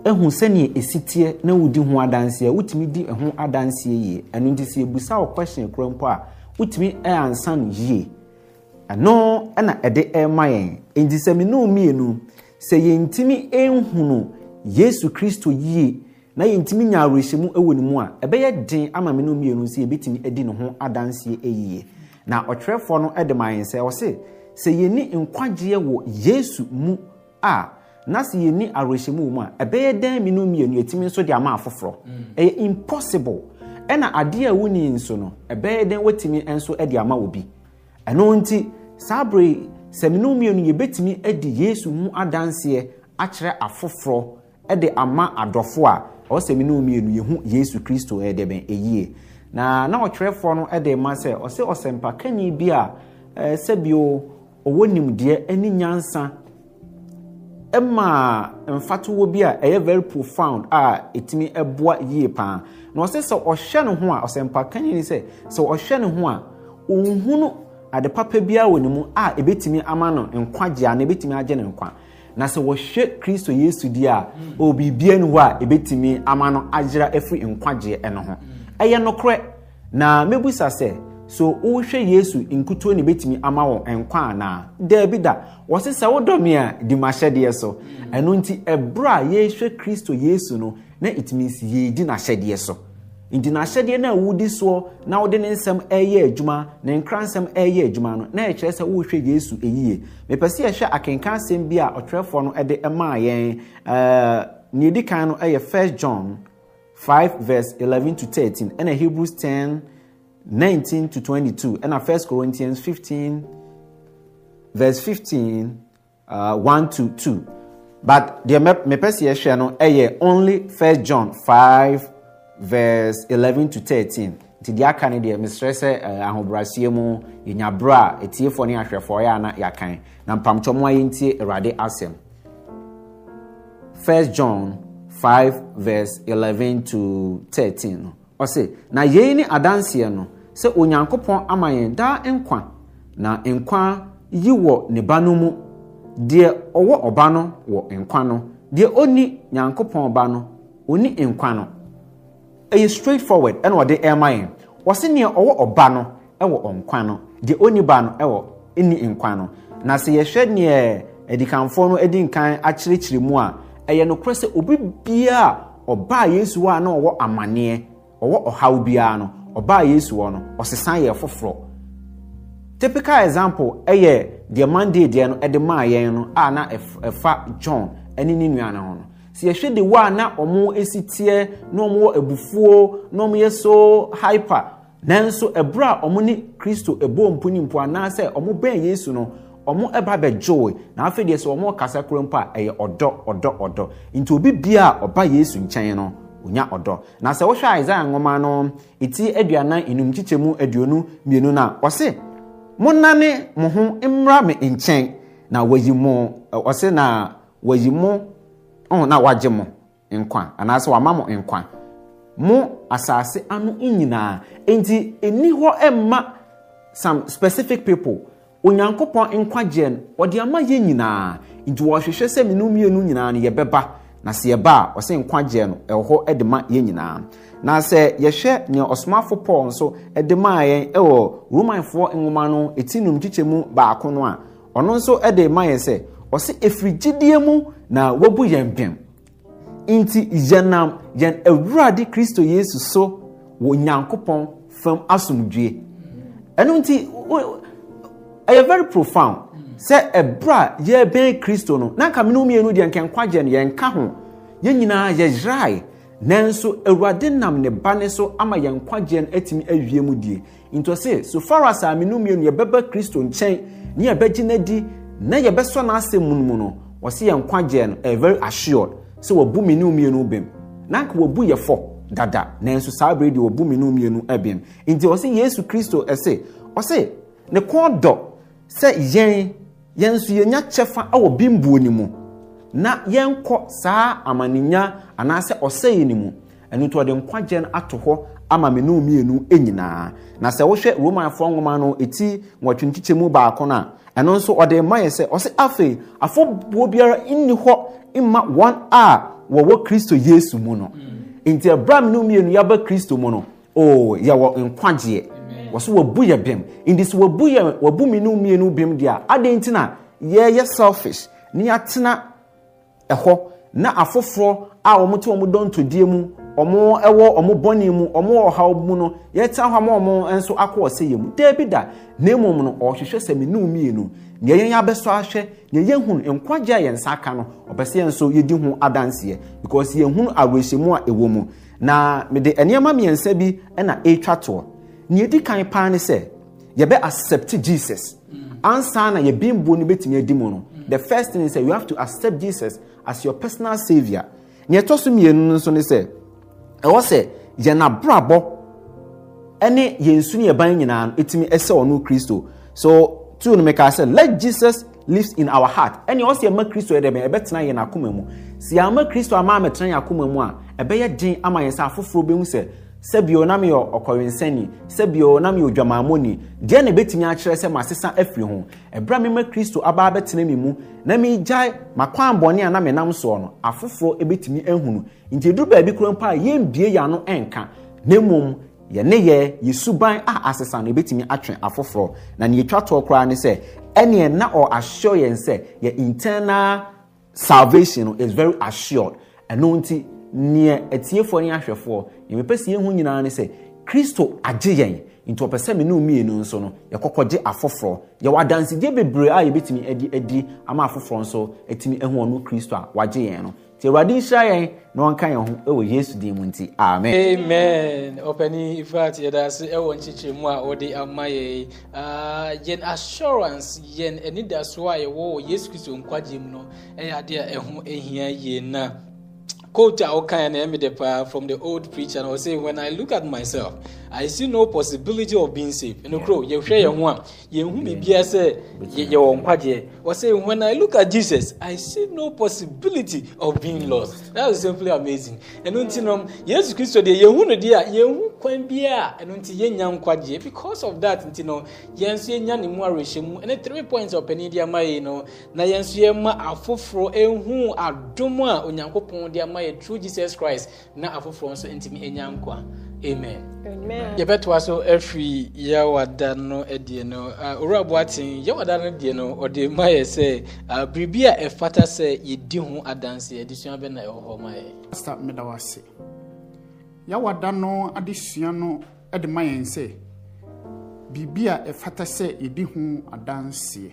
ehu sɛnea esi teɛ na wodi ho adanseɛ wotumi di ɛho adanseɛ yie ɛno nti sɛ ebusa o question kura mpo a wotumi ɛansa no yie. ɛno ɛna ɛde ɛrema yɛn nti sɛ me kristo yie na yɛntumi nya awerɛhyɛmu wɔ ne mu a ɛbɛyɛ den ama me mmienu sɛ yɛbɛtumi ne ho adanseɛ yie na ɔtwerɛfoɔ no de ma yɛn sɛ ɔse sɛ yɛni a na sɛ yɛni awerɛhyɛmu wɔ mu a ɛbɛyɛ dan me mmienu yɛtumi nso de ama afoforɔ mm. ɛyɛ impossible ɛna adeɛ a nso no saa bere sɛmino mmienu yɛbɛtumi adi yesu ho adanseɛ akyerɛ afoforɔ de ama adɔfo a ɔwɔ sɛmino mmienu yɛhu yesu kristo ɛde bɛn ɛyie na na ɔtwerɛfoɔ no de ma sɛ ɔsɛ ɔsɛmpakani bi a sɛbio ɔwɔ nimdeɛ ɛne nyansa maa mfatowo bi a ɛyɛ very profound a ɛtumi ɛboa yie paa na ɔsɛ sɛ ɔhwɛ ne ho a ɔsɛmpakani ni sɛ sɛ ɔhwɛ ne ho a ɔnhunu ade papa biara wɔ ne mu a ebetumi ama no nkwagye a na ebetumi agye ne nkwa na sɛ wɔhwɛ kristo yesu di a mm. obiribia ni hɔ a ebetumi ama no agyera efiri nkwagye ɛno ho mm. ɛyɛ nokorɛ na mebusa sɛ so wohwɛ yesu nkutuo na ebetumi ama wɔn nkwa anaa daabi da wɔsi sɛ wodɔ a di ma hyɛdeɛ so mm. ɛno nti ɛbrɛ a yɛhwɛ kristo yesu no na etumi si yɛredi n'ahyɛdeɛ so nti n'ahyɛdeɛ no a wodi soɔ na wode ne nsɛm ɛreyɛ adwuma ne nkra nsɛm ɛreyɛ adwuma no na ɛkyerɛ sɛ worehwɛ yesu ɛyie mepɛ sɛ yɛhwɛ akenka asɛm bi a ɔtwerɛfoɔ no de maa yɛn nea ɛdi kan no yɛ 1 john 5 verse 11 to 13 ɛna hebrews 10 19 to 22 ɛna 1 corinthians 15 verse 15 uh, 1 to 2 but deɛ mepɛ sɛ yɛhwɛ no yɛ only 1 john 5 verse 11 to 13 nti deɛ aka no deɛ mesrɛ sɛ eh, ahobraseɛ mu yɛnya berɛ a ɛtiefoɔ ne ahwɛfoɔ yɛ ana yɛakan na mpamtɔ mu a yɛntie awurade asɛm 1 john 5 11 to 13 no ɔse na yei ne adanseɛ no sɛ onyankopɔn ama yɛn daa nkwa na nkwa yi wɔ ne ba no mu deɛ ɔwɔ ɔba no wɔ nkwa no deɛ ɔnni nyankopɔn ba no ɔnni nkwa no ɛyɛ forward ɛna ɔde ɛrema yɛn wɔsi nea ɔwɔ ɔba no ɛwɔ ɔnkwan no deɛ ɔni ba no ɛwɔ ɛni nkwan no na sɛ yɛhwɛ nea ɛdikanfoɔ no ɛdi nkan akyerɛkyerɛ mu a ɛyɛ nokorɛ sɛ obi biara ɔbaa yesu a na ɔwɔ amaneɛ ɔwɔ ɔhaw biara no ɔbaa yesu wɔ no ɔsesan yɛ foforɔ typical example ɛyɛ deɛ monday deɛ no ɛde maa yɛn no a na ɛfa john ɛne ne nua no ho no sɛ de wɔ a na ɔmo esi teɛ na ɔmo wɔ ebufuo na ɔmo yɛ so hyper nanso ɛberɛ a ɔmo ne kristo ɛbɔ mpo ne mpo anaasɛ ɔmo bɛn yesu no ɔmo ɛba bɛgyoe na afei deɛ sɛ ɔmo kasa koro mpo a ɛyɛ ɔdɔ ɔdɔ ɔdɔ nti obi bia a ɔba yesu nkyɛn no onya ɔdɔ na sɛ wohwɛ isaia nwoma no ɛti aduanan enum kyikyɛ mu aduonu mmienu no a ɔse monane mo ho mmra me nkyɛn na wayi mo ɔse na wayi mo Oh, na wagye mo nkwa anaasị wama mo nkwa mo asaase anụ nyinaa nti ɛni hụ mma some specific people onyankopɔn nkwagyeɛ no ɔde ama yɛ nyinaa nti wɔhwehwɛ sɛ menomienu nyinaa no yɛbɛba na sɛ yɛba a ɔsɛ nkwagyeɛ no ɛwɔ hɔ de ma yɛ nyinaa na sɛ yɛhwɛ nea ɔsomafo paul nso de maa yɛn wɔ romanfoɔ nwoma no ɛti nom kyikyɛ mu baako no a ɔno nso de ma yɛn sɛ ɔsɛ ɛfiri gyidie mu na wɔabu yɛn bem nti yɛnam yɛn awurade kristo yesu so wɔ nyankopɔn fam asomdwe ɛno nti ɛyɛ very profound sɛ ɛberɛ a yɛbɛn kristo no na nka mene mmienu deɛ nkɛnkwagye no yɛnka ho yɛn nyinaa yɛyerae nanso awurade nam ne ba ne so ama yɛn nkwagyeɛ no atumi awie mu die nti ɔse so far as a mene mmienu yɛbɛba kristo nkyɛn ne yɛbɛgye no na yɛbɛsɔ n'asɛm mu no mu no wɔsi yɛn nkwagyeɛ no ɛyɛ very assured sɛ wɔbu mi ne mmienu bɛm nanka wɔbu yɛ fɔ dada nanso saa abiri deɛ wɔbu mi ne mmienu ɛbɛm nti wɔsi yesu kristo ɛsɛ ɔsɛ ne kɔn dɔ sɛ yɛn yɛn nso yɛn nya kyɛfa ɛwɔ bimbuo ne mu na yɛn kɔ saa amaninya anaasɛ ɔsɛɛ ne mu ɛno to ɔde nkwagyeɛ no ato hɔ ama mi ne mmienu nyinaa na sɛ wohwɛ romanfoɔ nwoma no eti wɔtwe mu baako no a ɛno nso ɔde ma yɛ sɛ ɔsɛ afei afɔbuo biara nni hɔ mma wɔn a wɔwɔ kristo yesu mu no mm. nti ɛbra mi no mmienu yaba kristo mu no oo yɛwɔ nkwagyeɛ wɔso wɔbu yɛ bɛm nti sɛ wɔbu yɛ wɔbu mi no mmienu bɛm deɛ adeɛ nti na yɛyɛ selfish ne yɛatena ɛhɔ na afoforɔ a wɔn te wɔn dɔntodie mu ɔmo ɛwɔ ɔmo bɔnne mu ɔmo wɔ ɔhaw mu no yɛtena hɔ ama ɔmo nso akɔ ɔsɛ yɛ mu deebi da na emu mu no ɔhwehwɛ sɛ menu mmienu nea yɛn abɛsɔ ahwɛ nea yɛn hunu nkwagye a yɛn nsa aka no ɔbɛsɛ yɛn nso yɛdi ho adanseɛ because yɛn hunu awɛhyɛmu a ɛwɔ mu na mede nneɛma mmiɛnsa bi ɛna ɛretwa toɔ nea yɛdi kan paa ne sɛ yɛbɛ accept jesus ansa na yɛbɛn buo no bɛtumi adi mu no the first thing is that you have to accept jesus as your personal saviour nea ɛtɔ so mmienu nso ne sɛ. ɛwɔ sɛ yɛn abrabɔ ɛne yɛn su ne yɛn ban nyinaa no ɛtumi ɛsɛ ɔno kristo so tu no ka sɛ let jesus lives in our heart ɛne ɔsɛ yɛma kristo yɛ dɛ bɛn ɛbɛtena yɛn akoma mu sɛ yɛama kristo ama amɛtena yɛn akoma mu a ɛbɛyɛ den ama yɛn sɛ afoforɔ mu sɛ sɛbio na meyɛ ɔkɔwensɛni sɛbio na meyɛ odwamammɔni deɛ na ɛbɛtumi akyerɛ sɛ masesa afiri ho ɛberɛ a mema kristo aba abɛtena me mu na megyae makwan bɔne a na menam soɔ no afoforɔ ɛbɛtumi ahunu nti ɛduru baabi kora mpo a yɛmbie yɛ ano ɛnka na mmom ne yɛ yɛ suban a asesa no ɛbɛtumi atwe afoforɔ na ne yɛtwa toɔ koraa ne sɛ ɛneɛ na ɔ ahyɛ yɛn sɛ yɛ internal salvation is very assured ɛno nti neɛ atiefoɔ ne ahwɛfoɔ yɛmepɛ si yɛhu nyinaa ne sɛ kristo agye yɛn nti ɔpɛ sɛ me ne mmienu ah, nso no yɛkɔkɔgye afoforɔ yɛwɔ adansedeɛ bebree a yɛbɛtumi adi adi ama afoforɔ nso atumi ahu ɔno kristo a wagye yɛn no nti awurade nhyira yɛn na ɔnka yɛn ho wɔ yesu din mu nti amen amen ɔpani ifat yɛda se ɛwɔ nkyekyerɛmu a wɔde ama yɛi ah, yɛn assurance yɛn anidasoɔ a yɛwɔ wɔ yesu kristo nkwagye mu no ɛyɛ adeɛ a ɛho hia yie na quote Okayane Emidepa from the old preacher and I was saying, when I look at myself, I see no possibility of being saved. And okro, yehwe ye mm-hmm. ho a, yehu bibia se ye wo nkwaje. Or say when I look at Jesus, I see no possibility of being mm. lost. That is simply amazing. Ɛno nti no, Yesu Kristo de yehu no de a, yehu kwan bia, ɛno nti yenya nkwaje. Because of that nti no, yɛn so yenya ne mu arehyɛ mu. Ɛne three points of pani de ama yi no, na yɛn so yɛma afoforɔ ehu adom a Onyankopɔn de ama yɛ through Jesus Christ, na afoforɔ nso ntimi enya nkwa. amen yɛbɛtoa so afiri yɛwada no adiɛ no owuraboaten yɛwada no deɛ no ɔde ma yɛ sɛ biribi a ɛfata sɛ yɛdi ho adanse adesua bɛna ɛwɔ hɔ ma yɛ sa meda w ase yɛwada no adesua no de ma yɛn sɛ biribi a ɛfata sɛ yɛdi ho adanseɛ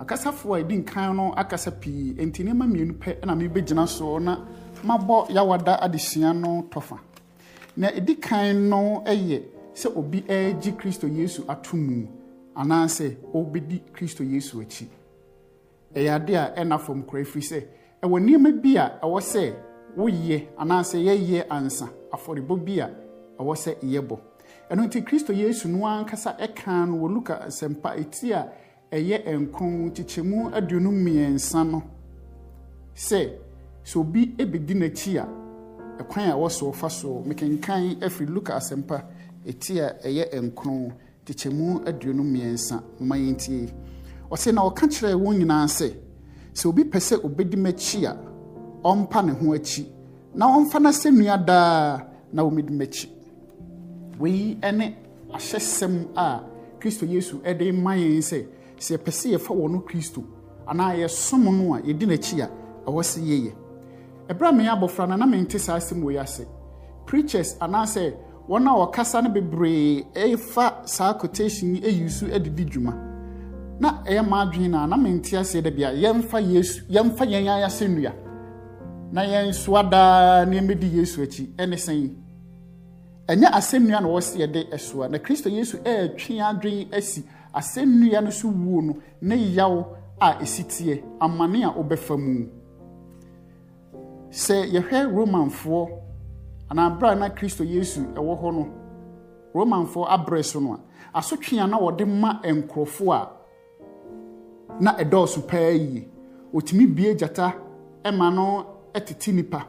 akasafoɔ a yɛdi nkan no akasa pii enti nneɛma mmienu pɛ na mebɛgyina soɔ na mabɔ yɛwada adesua no tɔfa na ɛdi kan no yɛ sɛ obi regye kristo yesu ato mu anaasɛ ɔrebɛdi kristo yesu akyi ɛyɛ ade a ɛna fam kora firi sɛ ɛwɔ nneɛma bi a ɛwɔ sɛ woyɛ anaasɛ yɛyɛ ansa afɔrebɔ bi a ɛwɔ sɛ yɛbɔ ɛno nti kristo yesu no ankasa ɛka no wɔ luka asɛmpa eti a ɛyɛ nkron kyekyɛmu aduonu mmiɛnsa no sɛ sɛ obi ebedi n'akyi a kwan a wɔso fa so mekenkan afiri luka asɛmpa ɛti a ɛyɛ nkron tikyɛmu aduonu mmiɛnsa moma yɛntie ɔsɛ na ɔka kyerɛ wɔn nyinaa sɛ sɛ obi pɛ sɛ obɛdi m'akyi a ɔmpa ne ho akyi na ɔmfa n'asɛnnua daa na wɔmɛdi m'akyi wei ne ahyɛsɛm a kristo yesu de ma yɛn sɛ sɛ yɛpɛ sɛ yɛfa wɔ no kristo anaa yɛsom no a yɛdi n'akyi a ɛwɔ sɛ yɛyɛ ɛberɛ a meyɛ abɔfra no na mente saa asɛm wɔ yi preachers anaasɛ wɔn a wɔkasa no bebree ɛfa saa quotation yi ɛyi so ɛdidi dwuma na ɛyɛ maa adwene na na mente aseɛ dɛ bia yɛmfa yesu yɛmfa yɛn ayase nnua na yɛn soa daa na yɛmɛdi yesu akyi ɛne sɛn yi ɛnyɛ asɛnnua na wɔsi yɛde ɛsoa na kristo yesu ɛɛtwe adwene asi asɛnnua no so wuo no ne yaw a esi teɛ amane a ɔbɛfa mu. sɛ yɛhwɛ romanfoɔ anaa berɛ na kristo yesu ɛwɔ hɔ no romanfoɔ abrɛ so no a asotwe a na wɔde ma nkurɔfoɔ a na ɛdɔɔso paa yie ɔtumi bie gyata ma no tete nipa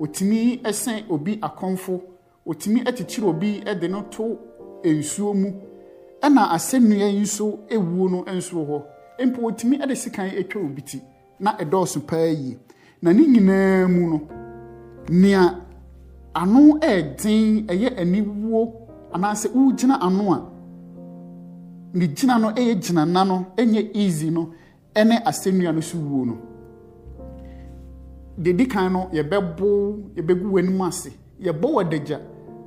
ɔtumi sɛn obi akɔmfo ɔtumi kyekyere obi de no to nsuo mu ɛna asɛnnua yi nso ɛwuo no nso hɔ mpo ɔtumi de sikan atwa obi ti na ɛdɔɔso paa yie na ne nyinaa mu no nea ano ɛɛden ɛyɛ aniwuo anaasɛ wogyina ano a ne gyina no ɛyɛ gyina na no ɛnyɛ easy no ɛne asɛnnua no so wuo no deɛ di kan no yɛbɛbo yɛbɛgu w'anim ase yɛbɔ wɔ w'adagya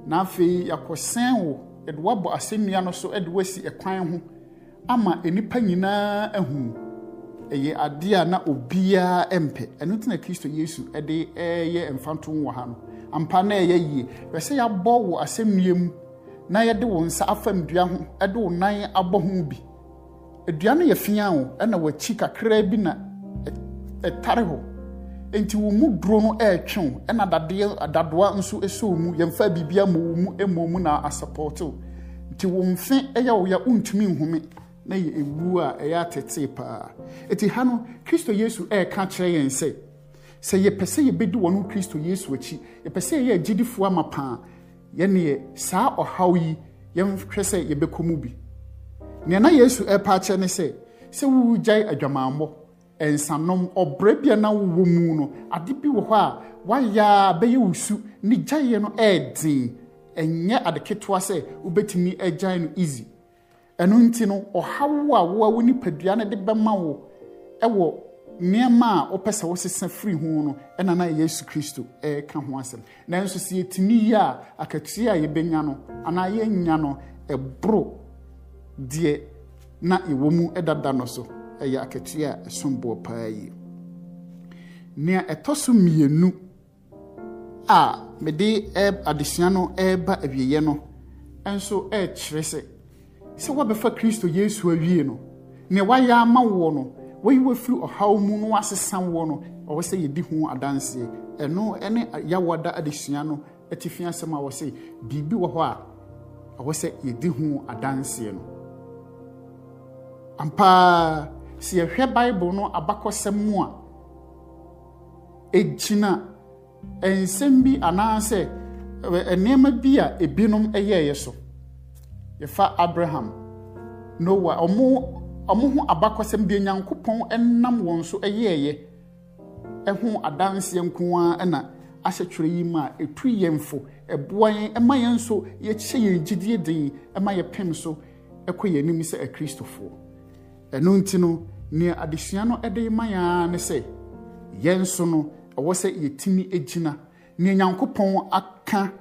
na afei yɛakɔsɛn wo yɛde wabɔ asɛnnua no so ɛde wasi ɛkwan ho ama nnipa nyinaa ahunu ɛyɛ adeɛ a na obiara mpɛ ɛno tena kristo yesu ɛde ɛɛyɛ mfantom wɔ ha no ampa na ɛyɛ yie bɛ sɛ yɛabɔ wɔ asɛmmie mu na yɛde wo nsa afa dua ho ɛde wo nan abɔ ho bi adua no yɛ fia o ɛna w'akyi kakra bi na ɛtare hɔ nti wo mu duro no ɛretwe wo ɛna dadeɛ adadoa nso ɛsɛ wo mu yɛmfa biribia ma wo mu ɛma mu na asapɔɔte nti wo mfe ɛyɛ wo yɛ wontumi nhome na yɛ ewu a ɛyɛ atetee paa eti ha no kristo yesu ɛɛka kyerɛ yɛn sɛ sɛ yɛpɛ sɛ yɛbɛdi wɔn kristo yesu akyi yɛpɛ sɛ yɛyɛ agyidifoɔ ama paa yɛne yɛ saa ɔhaw yi yɛnhwɛ sɛ yɛbɛkɔ mu bi nea na yesu ɛɛpa akyerɛ ne sɛ sɛ wogyae adwamammɔ nsanom ɔbrɛ bia na wowɔ mu no ade bi wɔ hɔ a wayɛ a bɛyɛ wo ne gyaeɛ no ɛɛden ɛnyɛ ade ketewa sɛ wobɛtumi agyae no easy ɛno nti no ɔhaw a wo a wo nipadua no de bɛma wo ɛwɔ nneɛma a wɔpɛ sɛ wɔsesa firi ho no ɛna na yesu kristo ɛreka ho asɛm nanso sɛ yɛtumi yi a akatua a yɛbɛnya no anaa yɛnya no ɛboro deɛ na ɛwɔ mu ɛdada no so ɛyɛ akatua a ɛsom paa yie. nea ɛtɔ so mmienu a mede adesua no ɛreba awieeɛ no nso ɛɛkyerɛ sɛ sɛ wɔbɛfa kristo yesu awie no nea wayɛ ama woɔ no wɔyi wɔafiri ɔhaw mu no wasesa woɔ no ɔwɔ sɛ yɛdi ho adanseɛ ɛno ne yɛwɔda adesua no atifi asɛm a wɔ sɛ biribi wɔ hɔ a ɔwɔ sɛ yɛdi ho adanseɛ no ampaa sɛ yɛhwɛ bible no abakɔsɛm mu a ɛgyina nsɛm bi anaasɛ nneɛma bi a ebinom yɛɛyɛ so yɛfa abraham noa ɔmo ɔmo ho abakɔsɛm deɛ nyankopɔn nam wɔn so yɛɛyɛ ɛho adanseɛ nko ara na ahyɛtwerɛ yi a etu yɛn fo ɛboa yɛn ɛma yɛn nso yɛkyɛ yɛn gyidie den ɛma yɛpem so ɛkɔ yɛn anim sɛ akristofoɔ ɛno nti no nea adesua no ɛde ma yɛn ara ne sɛ yɛn nso no ɛwɔ sɛ yɛtumi gyina nea nyankopɔn aka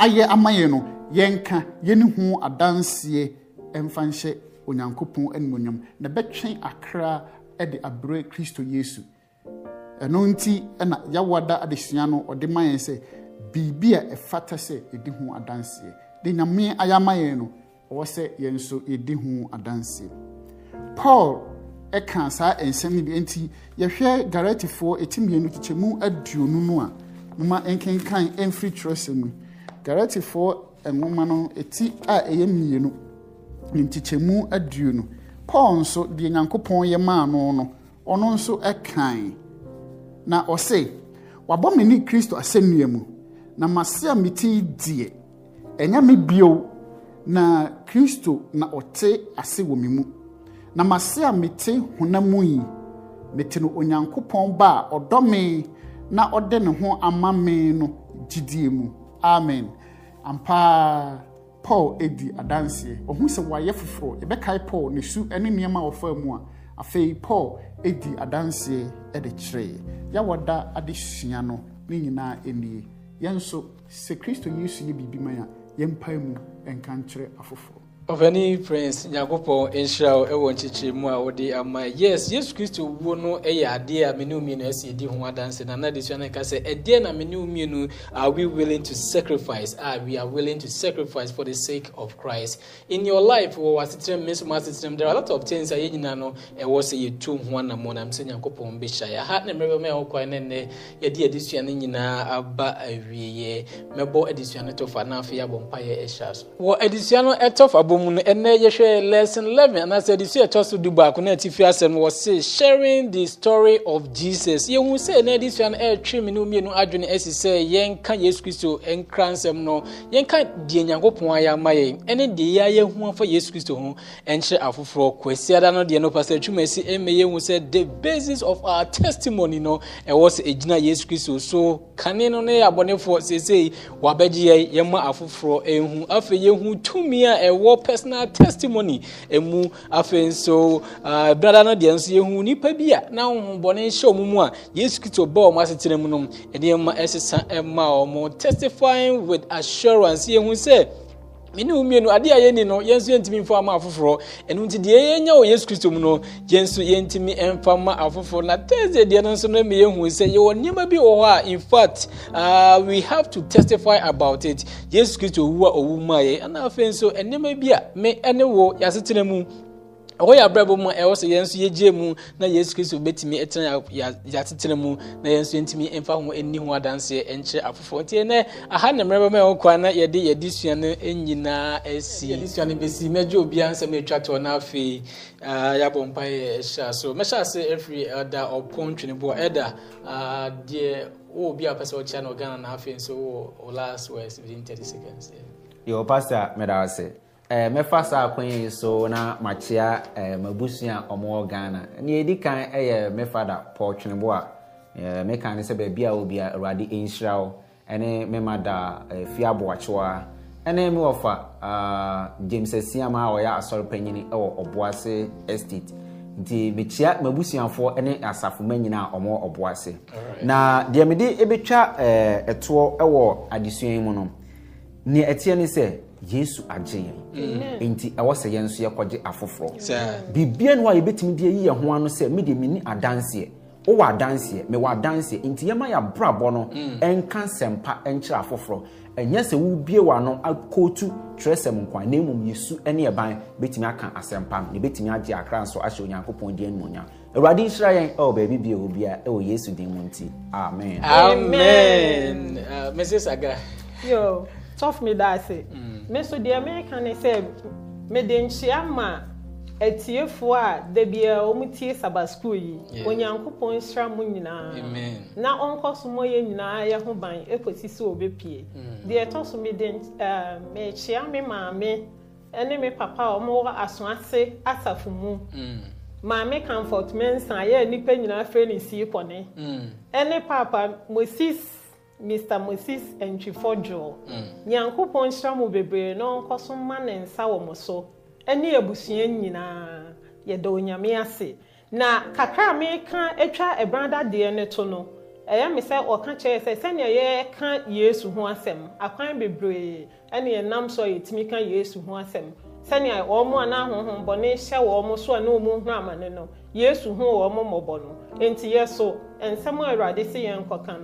ayɛ ama yɛn no yɛnka yɛne hu adanseɛ mfa nhyɛ onyankopɔn animonyam na bɛtwe akra de abrɛ kristo yesu ɛno nti na yɛawada adesua no ɔde ma yɛn sɛ biribi a ɛfata sɛ yɛdi ho adanseɛ de nyame ayɛ ama yɛn no ɔwɔ sɛ yɛn nso yɛdi ho adanseɛ paul ɛka saa nsɛm no bi nti yɛhwɛ galatifoɔ ɛtimienu kyekyɛmu aduonu no a moma ɛnkenkan ɛmfiri twerɛsɛ mu galatifoɔ nwoma no ɛti a ɛyɛ mmienu ne aduo no paul nso deɛ nyankopɔn yɛ maa no ɔno nso ɛkan na ɔse wabɔ me ne kristo asɛnnua mu na mase a meti deɛ ɛnyɛ me bio na kristo na ɔte ase wɔ me mu na mase a mete honam mu yi mete no onyankopɔn ba a ɔdɔ me na ɔde ne ho ama me no gyidie mu amen ampaa paul edi adanseɛ ɔhu sɛ wayɛ foforɔ yɛbɛkae paul ne su ne nneɛma a ɔfa mu a afei paul edi adanseɛ de kyerɛɛ yɛawɔda adesua no ne nyinaa nie yɛn nso sɛ kristo yesu yɛ biribi ma a yɛmpae mu nka nkyerɛ afoforɔ ɔfani prince nyankopɔn nhyira wo ɛwɔ nkyekyere mu a wode ama yes yesu kristo wuo no ɛyɛ adeɛ a mene mmienu ɛsɛ ɛdi ho adanse na na de sua no ka sɛ ɛdeɛ na mene mmienu are we willing to sacrifice ah we are willing to sacrifice for the sake of christ in your life wɔ waseterɛm me nso maseterɛm there are a lot of things a yɛnyina no ɛwɔ sɛ yɛtu ho anammɔ nam sɛ nyankopɔn bɛhyia aha ne mmerɛ bɛma ɛwɔ kwan ne nnɛ yɛde adesua no nyinaa aba awieeɛ mɛbɔ adesua no tɔfa na afei abɔ mpayɛ ɛhyɛ so wɔ adesua no ɛtɔfa bɔ album no ɛnna yɛhwɛ lesson eleven anaasɛ adesua ɛtɔ so du baako na ɛte fi asɛm wɔ se sharing the story of jesus yɛhu sɛ ɛnna adesua no ɛretwe mi ne mmienu adwene ɛsi sɛ yɛnka yesu kristo nkra nsɛm no yɛnka deɛ nyankopɔn ayɛ ama yɛn ɛne deɛ yɛ ayɛhu afa yesu kristo ho ɛnkyerɛ afoforɔ kwasiada no deɛ no pasɛ atwuma asi ɛmɛ yɛhu sɛ the basis of our testimony no ɛwɔ sɛ ɛgyina yesu kristo so kane no ne abɔnefoɔ seesei wabɛgye yɛn yɛma afoforɔ ɛhu afei yɛhu tumi a ɛwɔ personal testimony ɛmu afei nso ah, brada no deɛ nso yɛhu nipa bi a na ahohombɔne nhyɛ ɔmo mu a yesu kristo ba ɔmo asetena mu no nneɛma ɛsesa ɛma ɔmo testifying with assurance yɛhu sɛ mene wo mmienu adeɛ a yɛni no yɛn nso yɛntumi mfa ma afoforɔ ɛno nti deɛ yɛnya wɔ yesu kristo mu no yɛn nso yɛntumi mfa ma afoforɔ na thursday deɛ no nso no ma yɛhu sɛ yɛwɔ nneɛma bi wɔ hɔ a in fact uh, we have to testify about it yesu kristo wu a ɔwu maa yɛ ana afei nso nneɛma bi a me ne wo yɛasetena mu ɛhɔ yɛ abrɛbɔ mu ɛwɔ sɛ yɛn nso yɛgye mu na yesu kristo bɛtumi ɛtena yɛatetena mu na yɛn nso yɛntumi mfa ho ani ho adanseɛ ɛnkyerɛ afoforɔ nti ɛnɛ aha ne mmerɛ bɛma ɛwɔ na yɛde yɛde sua no nyinaa asi yɛde sua no bɛsi mɛgye obiara nsɛm ɛtwa toɔ na afei yɛabɔ mpa yɛ ɛhyɛ so mɛhyɛ ase afiri ɛda ɔpɔn tweniboɔ ɛda deɛ wo obi a pɛ sɛ wokyia no ɔghana na afei nso wɔ last words within 30 seconds yɛwɔ pastor mɛda ase Eh, Mmefa saa akwan yi so na makyea eh, mabusua a ghana nea ɛdi kan yɛ me fada pɔtwenebo a eh, meka ne sɛ baabi a wɔbia awurade nhyira wo ɛne me mada fie aboakyewa ɛne me wɔfa ah, james asiama a ɔyɛ asɔre panyini wɔ ɔboase estate nti mekyea mabusuafoɔ ne asafo ma nyinaa ɔmɔ ɔboase na deɛ mede bɛtwa ɛtoɔ wɔ adesua yi mu no nea ɛteɛ ne sɛ yesu agye yɛn nti ɛwɔ sɛ yɛn nso yɛkɔgye afoforɔ biribia no a yɛbɛtumi de yi yɛn ho ano sɛ medeɛ menni adanseɛ wowɔ adanseɛ mewɔ adanseɛ nti yɛma yɛabrabɔ no mm. ɛnka nsɛmpa nkyerɛ afoforɔ ɛnyɛ sɛ wobie wɔ ano akɔtu twerɛsɛm nkwan na mmom yesu ne ɛban bɛtumi aka asɛmpa ne bɛtumi agye akra nso ahyɛ onyankopɔn di animonyam awurade nhyira yɛn ɛwɔ baabi bia wɔ bia ɛwɔ yesu din mu nti amen amen mrs uh, aga yo tough me that say mm me so deɛ meka ne sɛ mede nkyea ma atiefoɔ a da biara wɔmtie saba skuul yi onyankopɔn nhyira mu nyinaa na ɔnkɔ so mɔ yɛ nyinaa yɛ ho ban ɛkɔsi sɛ wɔbɛpie hmm. deɛ ɛtɔ so mede mekyea me maame ɛne me papa a ɔmowɔ aso ase asafo mu hmm. maame comfort mensa yɛ nnipa nyinaa frɛ ne sii pɔne hmm. ɛne papa moses mr moses nkyifo joel mm. nyankopɔn nhyira mo bebree na ɔnkɔ so mma ne nsa wɔ mo so nyinaa yɛda onyame ase na kakra meka atwa ɛbradadeɛ no to no ɛyɛ me sɛ ɔka kyerɛ sɛ sɛnea yɛka yesu ho asɛm akwan bebree ne yɛnam so a ka yesu ho asɛm sɛnea wɔn a hyɛ wɔn so a na wɔn ho amane no yesu ho wɔn mmɔbɔ no nti yɛ so nsɛm a awurade si yɛn nkɔka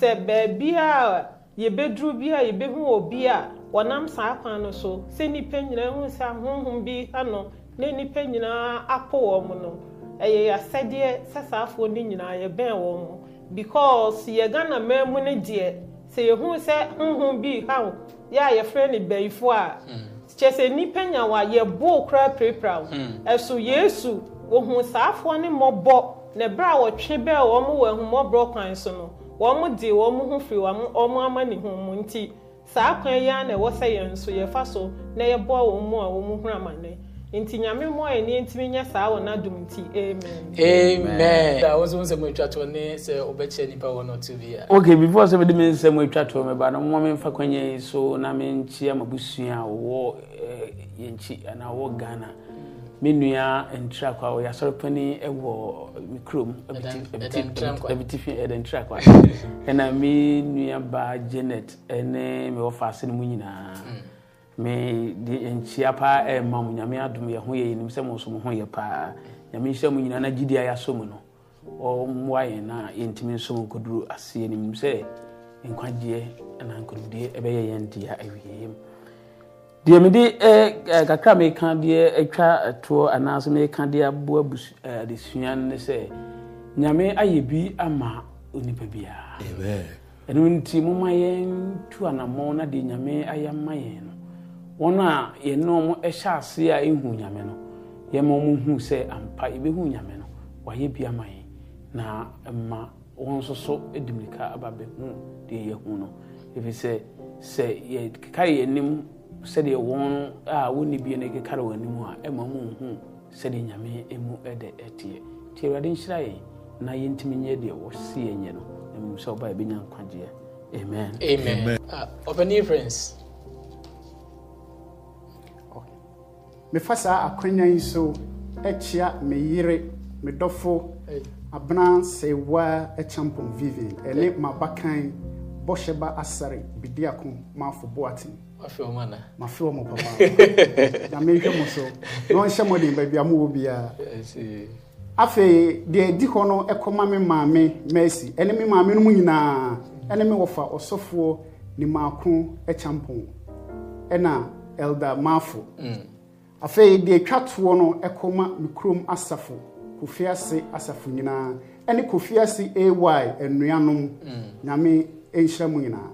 sɛ beebi a yɛbɛduru bi a yɛbɛhu wɔ bi a wɔnam saa kwan no so sɛ nipa nyinaa hu sɛ ahohom bi ano na nipa nyinaa apɔ wɔn no ɛyɛ yɛasɛdeɛ sɛ saafoɔ no nyinaa yɛbɛn wɔn mo because yɛ ghana man mu no deɛ sɛ yɛhu sɛ honhom bi haw yɛ a yɛfrɛ no bɛyifoɔ a hmm. kyɛ sɛ nipa nyawa yɛboo koraa pirapira o hmm. ɛso yesu wohu saafoɔ ne mɔbɔ na ɛberɛ a wɔtwe bɛɛ wɔn wɔ ahumɔborɔ kwan so no wɔn de wɔn ho firi wɔn wɔn amanihun mu nti saa kwan yi ara na ɛwɔ sɛ yɛn nso yɛfa so na yɛboa wɔn mu a wɔn ho amane nti nyame mu a yɛn ntumi nyɛ saa wɔ n'adum nti amen. a wɔn nso nsɛm atwa toɔ ne sɛ ɔbɛkyerɛ nipa wɔn n'otu bi a. okay before sɛ bɛde mi nsɛm atwa toɔ mɛ ba no mo mi nfa kwan yɛ so na mi nkyia ma busua a eh, yɛn nkyi anaa wɔwɔ ghana me nua ntirakwa ɔyɛ asɔrepani wɔ me kurom abitifi ɛda ntirakwa ɛna me nua baa janet ne mewɔ faase no mu nyinaa mm. me de nkyia paa ɛma eh, mo nyame adom yɛ ho yɛ yɛnim sɛ mo nso mo ho yɛ paa nyame nhyira mu nyinaa na gidi a yɛasɔ mu no ɔmmoa yɛn na yɛntumi nso mo nkɔduru aseɛ no nim sɛ nkwagyeɛ na nkonimdie ɛbɛyɛ yɛn dea awieɛ mu deɛ mede eh, eh, kakra meka deɛ atwa toɔ anaasɛ meka deɛ aboa eh, adesua no ne sɛ nyame ayɛ bi ama onipa biara ɛno nti moma yɛntu anammɔn na deɛ nyame ayɛ ama yɛn no wɔn a yɛne ɔmo hyɛ ase a ɛhu nyame no yɛma ɔmo hu sɛ ampa yɛbɛhu nyame no wayɛ bi ama yɛn na ma wɔn nso so di mirika aba bɛhu deɛ yɛhu no ɛfiri sɛ sɛ yɛkeka yɛn anim sɛdeɛ wɔn a wɔn bie no kekara wɔn anim a ɛma mu nhu sɛdeɛ nyame mu ɛdɛ ɛteɛ nti awurade nhyira yɛ na yɛntumi nyɛ deɛ wɔsi yɛ nyɛ no na mu sɛ ɔbaa yɛbɛnya nkwagyeɛ amen amen ɔbɛni ah, friends. mefa saa akwanya yi so akyia me yere me dɔfo abena sɛwa ɛkyɛmpɔn vivian ɛne mabakan bɔhyɛba asare bidi ako maafo boaten mafe wɔn papa na so na baabi a mo wɔ biara afei deɛ maame ɛne maame no mu nyinaa ɛne wɔfa ɔsɔfoɔ ɛna maafo mm. afei deɛ twa toɔ no kurom asafo kofi ase asafo nyinaa ɛne kofi ase ay ɛnhyira mu nyinaa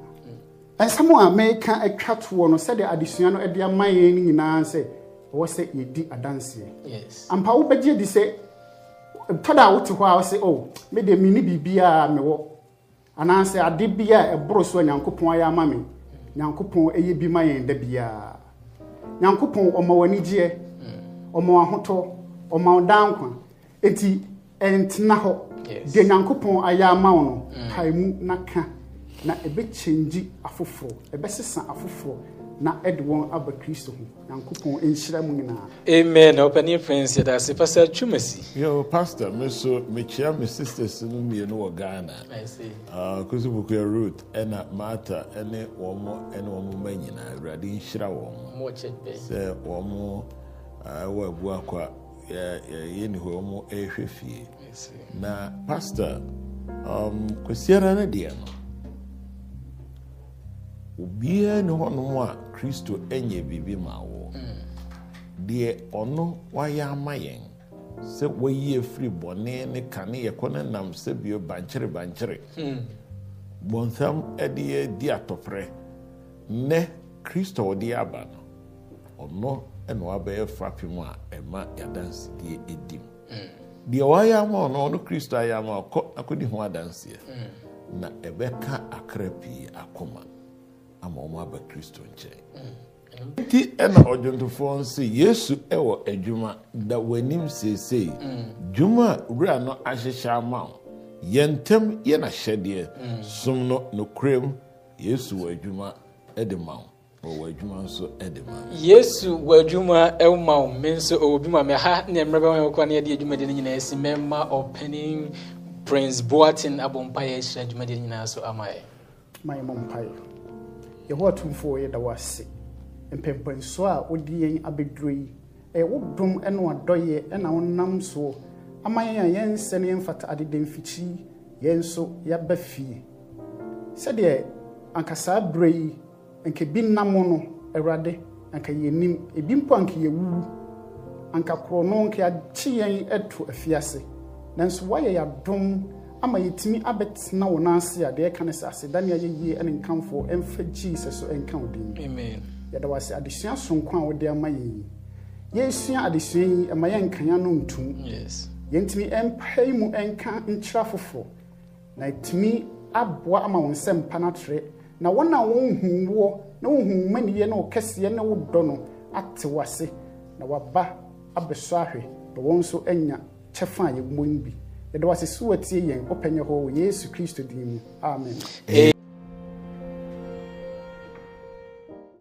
ɛsɛm a mɛka atwa toɔ no sɛdeɛ adesua no de ama yɛn no nyinaa sɛ ɛwɔ sɛ yɛdi adanseɛ ampa wobɛgye di sɛ tɔda a wote hɔ a wosɛ o oh, medeɛ menni biribiaa mewɔ anaasɛ ade bi a ɛboro so a nyankopɔn ayɛ ama me nyankopɔn ɛyɛ bi ma yɛn da biara nyankopɔn ɔma w'anigyeɛ mm. ɔma w'ahotɔ ɔma wo dankwa enti ɛntena hɔ deɛ nyankopɔn ayɛ ama wo no mm. pae mu na ka na ɛbɛkyɛngyi afoforɔ ɛbɛsesa afoforɔ na ɛde wɔn aba kristo ho nyankopɔn nhyira mu nyinaa amen ɔpani prince yɛda ase pastor twumasi yo pastor me so mekyia me sisters no mmienu wɔ ghana ah, kusi bukua root ɛna marta ɛne wɔn ɛne wɔn ma nyinaa awurade nhyira wɔn sɛ wɔn ah, ɛwɔ abu akwa yɛyɛ ne hɔ wɔn ɛrehwɛ fie na pastor um, kwasiara no deɛ no obiara ne hɔnom a kristo anya biribi ma wo deɛ ɔno wayɛ ama yɛn sɛ wayie firi bɔne ne kane yɛkɔ no nam sɛbio bankyere bankyere bɔnsam de di atɔprɛ nɛ kristo ɔde aba no ɔno ne wabɛyɛ frapemu a ɛma yɛadansedie ɛdim deɛ wayɛ ama ɔno ɔno kristo ayɛ ama ɔkɔ nakɔdi ho adanseɛ na ɛbɛka akra pii akoma ama wɔn aba kristo nkyɛn mm. Mm. nti ɛna ɔdwontofoɔ nso yesu ɛwɔ adwuma da w'anim seesei mm. dwuma a wura no ahyehyɛ ama wo yɛn ntam yɛ n'ahyɛdeɛ som no nokorɛm yesu wɔ adwuma ɛde ma wo wɔ adwuma nso ɛde ma yesu wɔ adwuma ɛwoma wo me nso ɔwɔ bi ma me ha ne mmerɛ bɛma yɛkɔa ne yɛde adwumadi no nyinaa si mɛma ɔpanin prince Boateng abɔ mpaeɛ ahyira adwumadi no nyinaa so ama yɛ ma yɛ mɔ mpaeɛ yɛhɔ atumfoɔ yɛda wo ase mpɛmpɛnsoɔ a wode yɛn abɛduro yi ɛyɛ wo dom ne wadɔyɛ ɛna wonam soɔ ama yɛn a yɛnsɛ no yɛmfata adedamfikyi yɛn nso yɛaba fie sɛdeɛ anka saa berɛ yi anka bi nam no awurade anka yɛnim ebi mpo anka yɛwuwu anka korɔno anka yɛakye yɛn ato afiase nanso woayɛ yɛadom ama yɛtumi abɛtena wo no ase a deɛ ɛka ne sɛ asedane ayɛ yie ne nkamfoɔ ɛmfa jesus so ɛnka wo din yɛda wase adesua sonko a wode ama yɛ yi yɛsua adesua yi ɛma yɛnkanya no ntum yɛntumi ɛmpae mu ɛnka nkyerɛ foforɔ na ɛtumi aboa ama wo nsɛ mpa no atrɛ na wɔn a wɔnhu woɔ na wɔnhu na wɔkɛseɛ na wodɔ no ate wase na waba abɛsɔ ahwɛ na wɔn nso anya kyɛfa a yɛmmɔ bi yɛde wasɛ so watie yɛn wopɛnyɛ hɔ wɔ yesu kristo din mu amen hey. Ee-